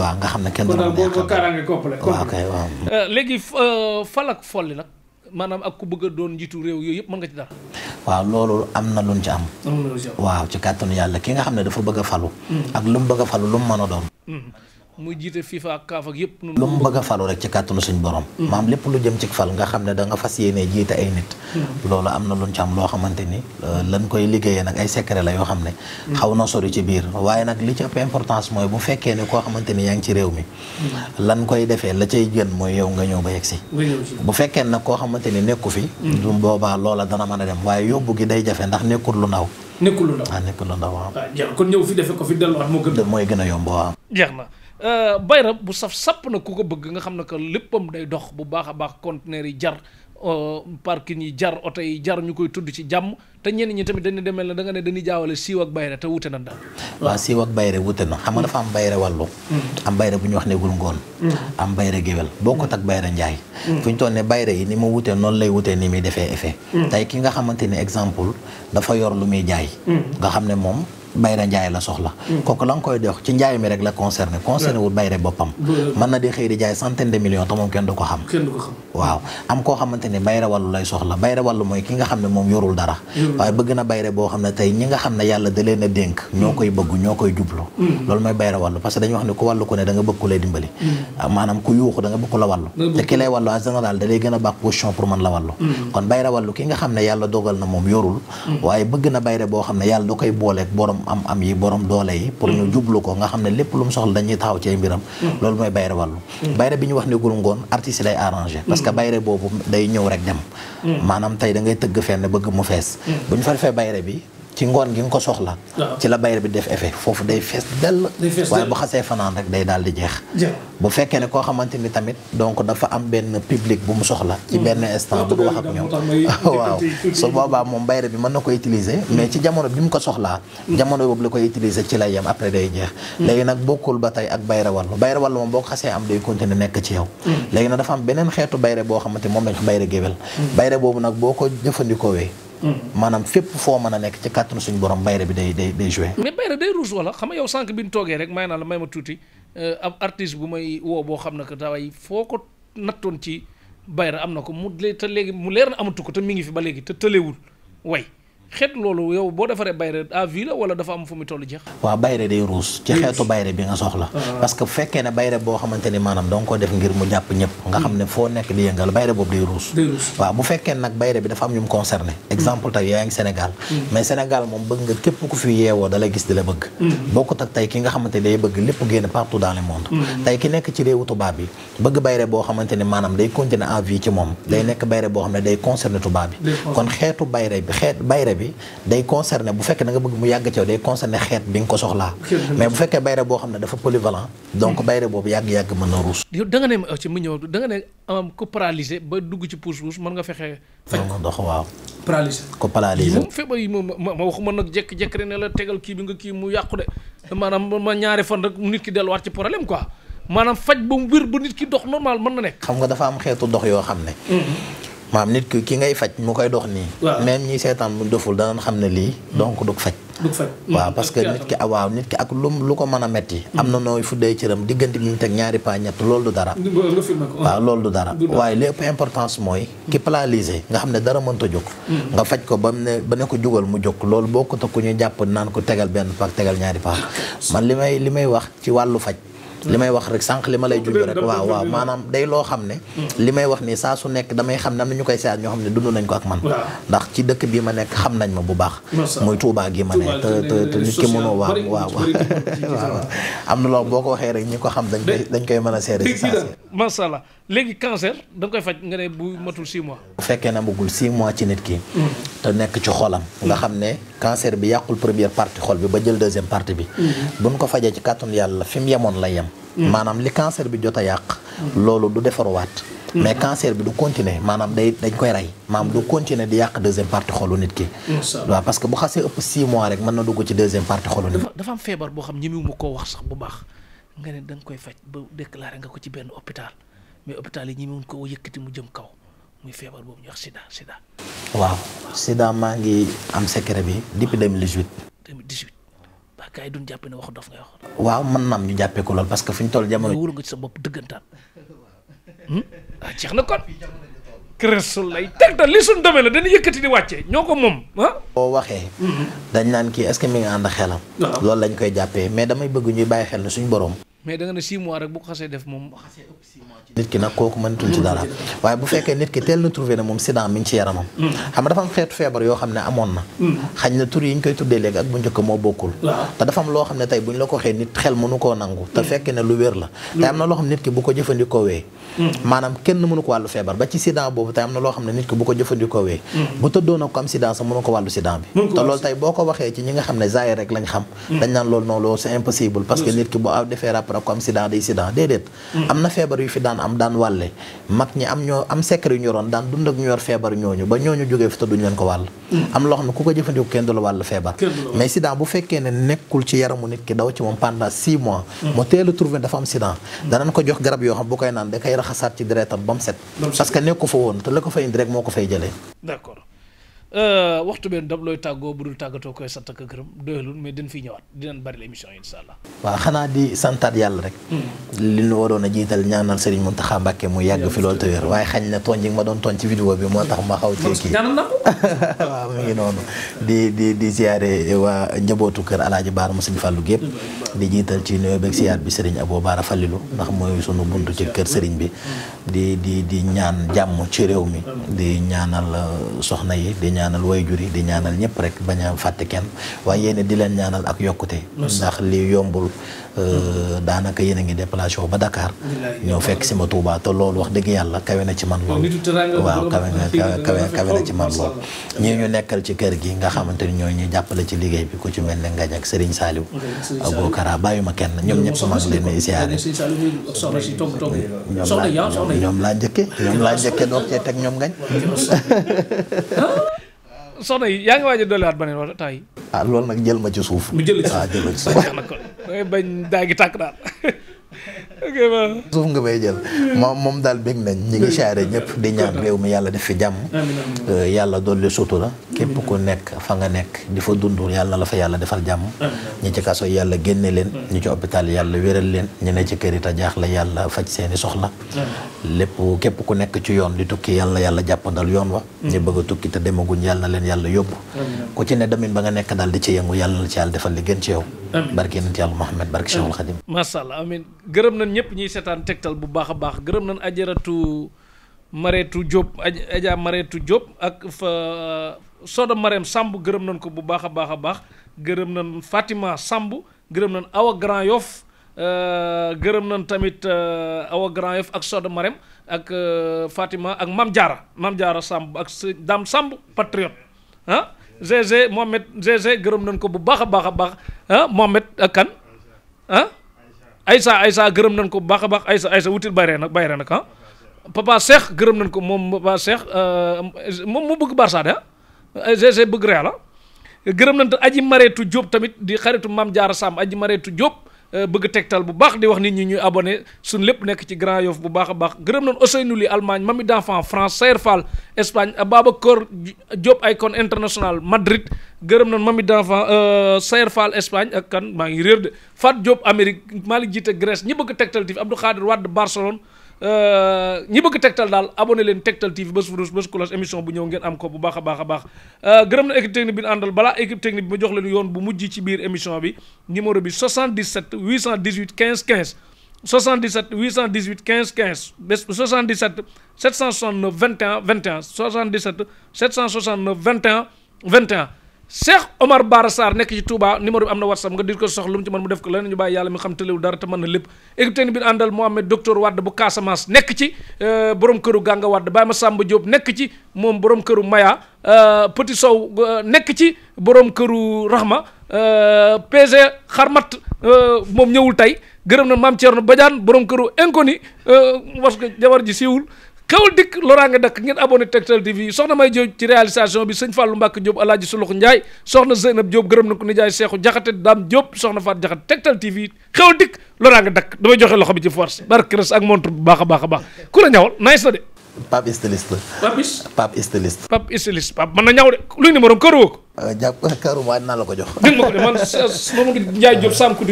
waaw nga xam ne kenn du waaw kay waaw euh, léegi euh, fal ak folli nag maanaam ak ku bëgg a doon njiitu réew yooyu yëpp mën nga ci dara. waaw loolu am na luñ ci am. waaw ci kàttanu yàlla ki nga xam ne dafa bëgg a falu. Mm. ak lu mu bëgg a falu lu mu mën a doon. Mm. muy jiite FIFA ak CAF ak yëpp. lu mu bëgg a falu rek ci kàttanu suñ borom. Mm. maam lépp lu jëm ci fal nga xam ne da fas yéene jiite ay nit. Mm. loolu am na luñ ci am loo xamante euh, lan koy liggéeyee ay secret la yoo xam ne. Mm. xaw na sori ci biir waaye nag li ci ëpp importance mooy bu fekkee ne ni yaa ngi ci réew koy defee la cay gën mooy yow nga ñëw ba yegg si. bu fekkee nag koo xamante ni nekku fi. du boobaa loola dana mën a dem waaye yóbbu gi day jafe ndax nekkul lu ndaw. nekkul lu ndaw ah nekkul lu ndaw waaw. Ah, moo gën. mooy gën a jeex na Euh, bayra bu saf sapp na ku ko bëgg nga xam ne que léppam day dox bu baax a baax conteneur yi jar euh, parking yi jar oto yi jar ñu koy tudd ci jàmm te ñenn ñi tamit dañu demel ne da nga ne dañuy jaawale siiw ak bayre te wute na daal. waaw siiw ak bayre wute na xam nga dafa am bayre wàllu. Mm. am bayre bu ñuy wax neegul ngoon. Mm. am bayre géwél bokkut ak bayre njaay. Mm. fu ñu toll ne bayre yi ni mu wutee noonu lay wutee ni muy defee effet. tey ki nga xamante ni exemple dafa yor lu muy jaay. nga xam bayra njaay la soxla mm. kooku la koy dox ci njaay mi rek la concerné concerné wul bayre boppam mën na di xëy di jaay de millions te kenn du ko xam waaw am koo xamante ni bayra wàllu lay soxla bayra wàllu mooy ki nga xam ne moom yorul waaye bëgg na bayre boo xam ne yàlla da leen a dénk ñoo mm. bëgg ñoo koy jublu mm. loolu ne ku wàllu ku ne da nga bëgg ku lay dimbali ah, a xam ne yàlla dogal na moom yorul waaye bëgg na bayre am am yi borom doole yi pour ñu mm. jublu ko nga xam ne lépp lu soxla dañuy taxaw ci mbiram mm. loolu mooy bayre wàllu mm. bayre bi ñu wax ne ngoon artiste lay arrangé parce bayre boobu day ñëw rek dem maanaam tey da tëgg fenn bëgg mu fees bu ñu fa defee bayre bi ci ngoon gi nga ko soxla. ci la bayre bi def effet foofu day fees dell. waaye bu xasee fanaan rek day daal di jeex. bu fekkee ne koo xamante ni tamit donc dafa am benn public bu mu soxla. ci hmm. benn instant bu wax ak ñoom. waaw su boobaa moom bayre mën na ko utiliser. Hmm. mais ci jamono bi mu ko soxlaa. Hmm. jamono boobu la koy utiliser ci la yem après day jeex. léegi nag bokkul ba tey ak bayre wàllu bayre wàllu moom boo ko xasee am day continuer nekk ci yow. léegi nag dafa am beneen xeetu bayre boo xamante moom lañ ko bayre géwél. bayre boobu nag boo ko jëfandikoowee maanaam fépp foo mën a nekk ci kàttanu suñu borom bayre bi day day day joué. mais bayre day rouge wala xam nga yow sànq bi ñu toogee rek may naa la may ma tuuti euh, ab artiste bu may woo boo xam ne que daway foo ko nattoon ci bayre am na ko mu te léegi mu leer na amatu ko te mi ngi fi ba léegi te tëlewul way xeet loolu yow boo defaree bayre à vie la wala dafa am fu mu toll jeex. waaw bayre day ruus ci xeetu bayre bi nga soxla. Ah, ah. parce que bu fekkee ne bayre boo xamante ni maanaam danga ko def ngir mu jàpp ñëpp. nga xam ne foo nekk di yëngal bayre boobu day ruus. day ruus waaw bu fekkee nag bayre bi dafa am ñu mu concerné. Hmm. exemple tey yaa ngi Sénégal. Hmm. mais Sénégal moom bëgg nga képp ku fi yeewoo da lay gis di la bëgg. Hmm. bokkut ak tey ki nga xamante day bëgg lépp génn partout dans le monde. tey ki nekk ci réewu tubaab bi bëgg bayre boo xamante ni maanaam day continuer à vie ci moom. day nekk bayre boo xam ne day concerné tubaab bi. kon xeetu bayre bi xeet bayre bi bi day concerné bu fekkee da nga bëgg mu yàgg ci yow day concerné xeet bi nga ko soxlaa. mais bu fekkee bayre boo xam ne dafa polyvalent. donc bayre boobu yàgg-yàgg mën na ruus. yow da nga ne euh, ci mu ñëw da ba dugg ci pousse pousse mën nga fexe. faj ko dox waaw. ma waxuma nag rek kii bi nga kii mu yàqu de ma ñaari fan rek nit ki delluwaat ci problème quoi maanaam faj ba mu wér ba nit ki dox normal mën na nekk. xam nga dafa am xeetu dox yoo xam ne mm-hmm. maam nit ki ki ngay faj mu koy dox nii. même ñi seetaan bu deful danañ xam ne lii. Hmm. donc du faj. Hmm. waaw parce que nit ki waaw nit ki ak lu lu ko mën a metti hmm. am na nooy fuddee cëram diggante bi ñu teg ñaari paa ñett lool du dara waaw loolu du dara waaye li ëpp importance mooy ki paralysé nga xam ne dara mënta jóg nga faj ko ba ne ba ne ko jógal mu jóg loolu boo ko takku ñu jàpp naan ko tegal benn paa tegal ñaari paa ah. man li may li may wax ci wàllu faj li may wax rek sànq li ma lay junj rek waaw waaw maanaam day loo xam ne li may wax nii saa su nekk damay xam ne am na ñu koy seet ñoo xam ne dund nañ ko ak ndax ci dëkk bii ma nekk xam nañ ma bu baax muy Touba gi ma ne te te nit ki mënoo waaw waaw waaw am na loolu boo ko waxee rek ñi ko xam dañ koy dañ koy mën a seede si saa léegi cancer da koy faj nga ne bu matul 6 mois. bu fekkee ne amagul 6 mois ci nit ki. te nekk ci xolam. nga xam ne cancer bi yàqul première partie xol bi ba jël deuxième partie bi. buñ ko fajee ci kàttanu yàlla fi mu yemoon la yem. maanaam li cancer bi jot yàq. loolu du defarwaat. mais cancer bi du continuer maanaam day dañ koy rey maanaam du continuer di yàq deuxième partie xolu nit ki. parce que bu xasee ëpp 6 rek mën na dugg ci deuxième partie xolu nit ki. dafa feebar boo xam ñemewu ma wax sax bu baax nga ne da nga koy faj ba déclaré nga ko ci benn hôpital. mais hôpital yi ñi mun ko yëkkati mu jëm kaw muy feebar boobu ñu wax Sida Sida. waaw Sida maa ngi am secret bi depuis 2018. 2018 waa gars yi duñ jàpp ne waxu dof ngay wax. waaw mën ñu jàppee ko lool parce que fi ñu toll jamono. wóor nga ci sa bopp dëggantaan. Hmm? Ah, na kon. Kërësul lay tegtal li suñ demee la dañuy yëkkati di wàccee ñoo ko moom ah. Hmm. dañ naan kii est-ce que mi nga ànd xelam. loolu lañ koy jàppe mais damay bëgg ñuy bàyyi xel ne suñu borom. mais da nga ne 6 mois rek bu ko xasee def moom. nit ki nag kooku mënatul ci dara waaye bu fekkee nit ki teel na trouvé ne moom sida mi ngi ci yaramam. xam nga dafa am xeetu feebar yoo xam ne amoon na. xañ na tur yi ñu koy tuddee léegi ak bu njëkk moo bokkul. te dafa am loo xam ne tey bu ñu la ko waxee nit xel mënu koo nangu. te fekkee ne lu wér la. tey am na loo xam ne nit ki bu ko jëfandikoo wee. maanaam kenn mënu ko wàllu feebar ba ci sida boobu tey am na loo xam ne nit ki bu ko jëfandikoo wee. bu tëddoon ak ko am sida sax mënu ko wàllu sida bi. te loolu tey boo ko waxee ci ñi nga xam ne zaay rek lañ xam. Hmm. dañ naan loolu noonu loolu c'est impossible parce que hmm. nit ki bu defee rapport rek ko mm. am na feebar yu fi daan am daan wàlle mag ñi am ñoo am secret yu ñu yoroon daan dund ak ñu yor feebar ñooñu ba ñooñu jógee fi te duñ leen ko wàll. Mm. am loo xam ku ko jëfandikoo kenn du la wàll feebar. mais sida bu fekkee ne nekkul ci yaramu nit ki daw ci moom pendant 6 mois. Mm. mu teel a dafa am sida. danañ ko jox garab yoo xam bu koy naan da koy raxasaat ci deretam ba set. parce que nekk fa woon te la ko fay indi rek moo ko fay jëlee. Euh, waxtu benn dab looy tàggoo bu dul tàggatoo koy sant ak gërëm doyalul mais dinañ fi ñëwaat dinañ bari la émission incha allah. waaw xanaa di santaat yàlla rek. Hmm. li ñu waroon a jiital ñaanal Serigne Mountakha Mbacké mu yàgg fi loolu te waaye xañ na tooñ yi ma doon tooñ ci vidéo bi moo tax ma xaw cee kii. waaw mu ngi noonu di di di ziare waa njabootu kër El Hadj Baar mu Serigne Fallou gépp di jiital ci nuyoo beeg ziar bi Serigne Abou Baara Fallilu ndax mooy sunu buntu ci kër Serigne bi di di di ñaan jàmm ci réew mi di ñaanal euh, ñaanal waajur yi di ñaanal ñëpp rek bañ a fàtte kenn waaye yéen di leen ñaanal ak yokkute. ndax li euh, a ngi déplacé ba Dakar. ñoo fekk si ma Touba te loolu wax dëgg yàlla kawe na ci man lool. waaw kawe kawe kawe na ci man gi nga xamante ni ñooy ñu jàppale ci liggéey bi ku ci mel ne Ngañ ak Serigne Saliou. Bokara bàyyi ma kenn ñoom ñëpp sama leen di siyaare. ñoom laa njëkke ñoom laa njëkke doog cee teg ñoom ngañ soxna yi yaa ngi waaj a dolliwaat beneen wala temps yi. ah loolu nag jël ma ci suuf. mu jël ah, ci suuf waaw jël bañ nag kon daa ngi tàkk daal. ok suuf nga bay jël moom moom daal bég nañ ñi ngi siyaare ñëpp di ñaan réew mi yàlla def fi jàmm. Euh, yàlla doon dolli la képp ku nekk fa nga nekk di fa dund yàlla la fa yàlla defal jàmm. ñi ci yàlla génne leen. ñi ci hôpital yàlla wéral leen. ñi ne ci kër yi te jaaxle yàlla faj seeni soxla. lépp képp ku nekk ci yoon di tukki yàlla yàlla jàppandal yoon wa. ñi bëgg a tukki te demaguñ yàlla leen yàlla yóbbu. ku ci ne damit ba nga nekk daal di ci yëngu yàlla la ci yàlla defal li gën ci yow. barke yonent yàlla Muhammad barke Cheikhul Khadim. gërëm nañ ñëpp ñuy seetaan tegtal bu baax a baax gërëm nañ ajaratu mareetu Diop aja mareetu Diop ak fa Soda Marème Samb gërëm nañ ko bu baax a baax a baax gërëm nañ Fatima Samb gërëm nañ Awa Grand Yoff euh, gërëm nañ tamit euh, Awa Grand Yoff ak Soda Marème ak euh, Fatima ak Mam Diarra Mam Diarra Samb ak Dame Samb patriote ah GG gërëm nañ ko bu baax a baax a baax ah Mohamed ak kan Aïssa Aïssa gërëm nañ ko bu baax a baax Aïssa Aïssa wutil bayre nag bayre nag ah papa Cheikh gërëm nañ ko moom papa Cheikh euh, moom mu bëgg Barça de ah GG bëgg Real ah. gërëm nañ te aji mareetu jóob tamit di xaritu maam Jaara Samb aji mareetu jóob Euh, bëgg tegtal bu baax di wax nit ñi ñuy abonné suñ lépp nekk ci Grand Yoff bu baax a baax gërëm nañ Ousseynou Ly Allemagne Mami Danfan France Sayer Fall Espagne Babacar Diop Icon International Madrid gërëm nañ Mami Danfan euh, Sayer Fall Espagne ak kan maa ngi réer de Fat Diop Amérique Malick Jité Grèce ñi bëgg tegtal TV Abdou Khadir Wade Barcelone Euh, ñi bëgg tegtal daal abonné leen tegtal TV bés furus bés kulas émission bu ñëw ngeen am ko bu baax a baax a baax euh, gërëm na équipe technique bi ñu àndal balaa équipe technique bi ma jox leen yoon bu mujj ci biir émission bi numéro bi 77 818 15 15 77 818 15 15 bés 77 769 21 21 77 769 21 21 Cheikh Omar Bara Sarr nekk ci Touba numéro bi am na whatsapp nga dir ko soxla lu mu ci mën mu def ko leneen ñu bàyyi yàlla mi xam tëlewul dara te mën na lépp écouté bi àndal Mohamed docteur Wade bu Casamance nekk ci euh, borom këru Ganga Wade Baye Massamba Diop nekk ci moom borom këru Maya euh, Petit Sow euh, nekk ci borom këru Rahma PG Xarmat moom ñëwul tey gërëm na maam Thierno Badiane borom këru Inconi parce que jabar ji siiwul kawul dikk loraanga dakk ngeen abonné Tektal TV soxna May Diop ci réalisation bi sëñ Fallou Mbacke Diop alaaji Sulux Ndiaye soxna Zeynab gërëm na ko nijaay Seexu Jaxate Daam Diop soxna Faat Jaxate Tektal TV xewul dikk loraanga dakk loxo bi ci force barke res a baax a baax ku na de Pape styliste Papis naa la ko jox dégg ma ko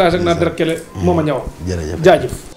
de man moom ngi Ndiaye Diop Sam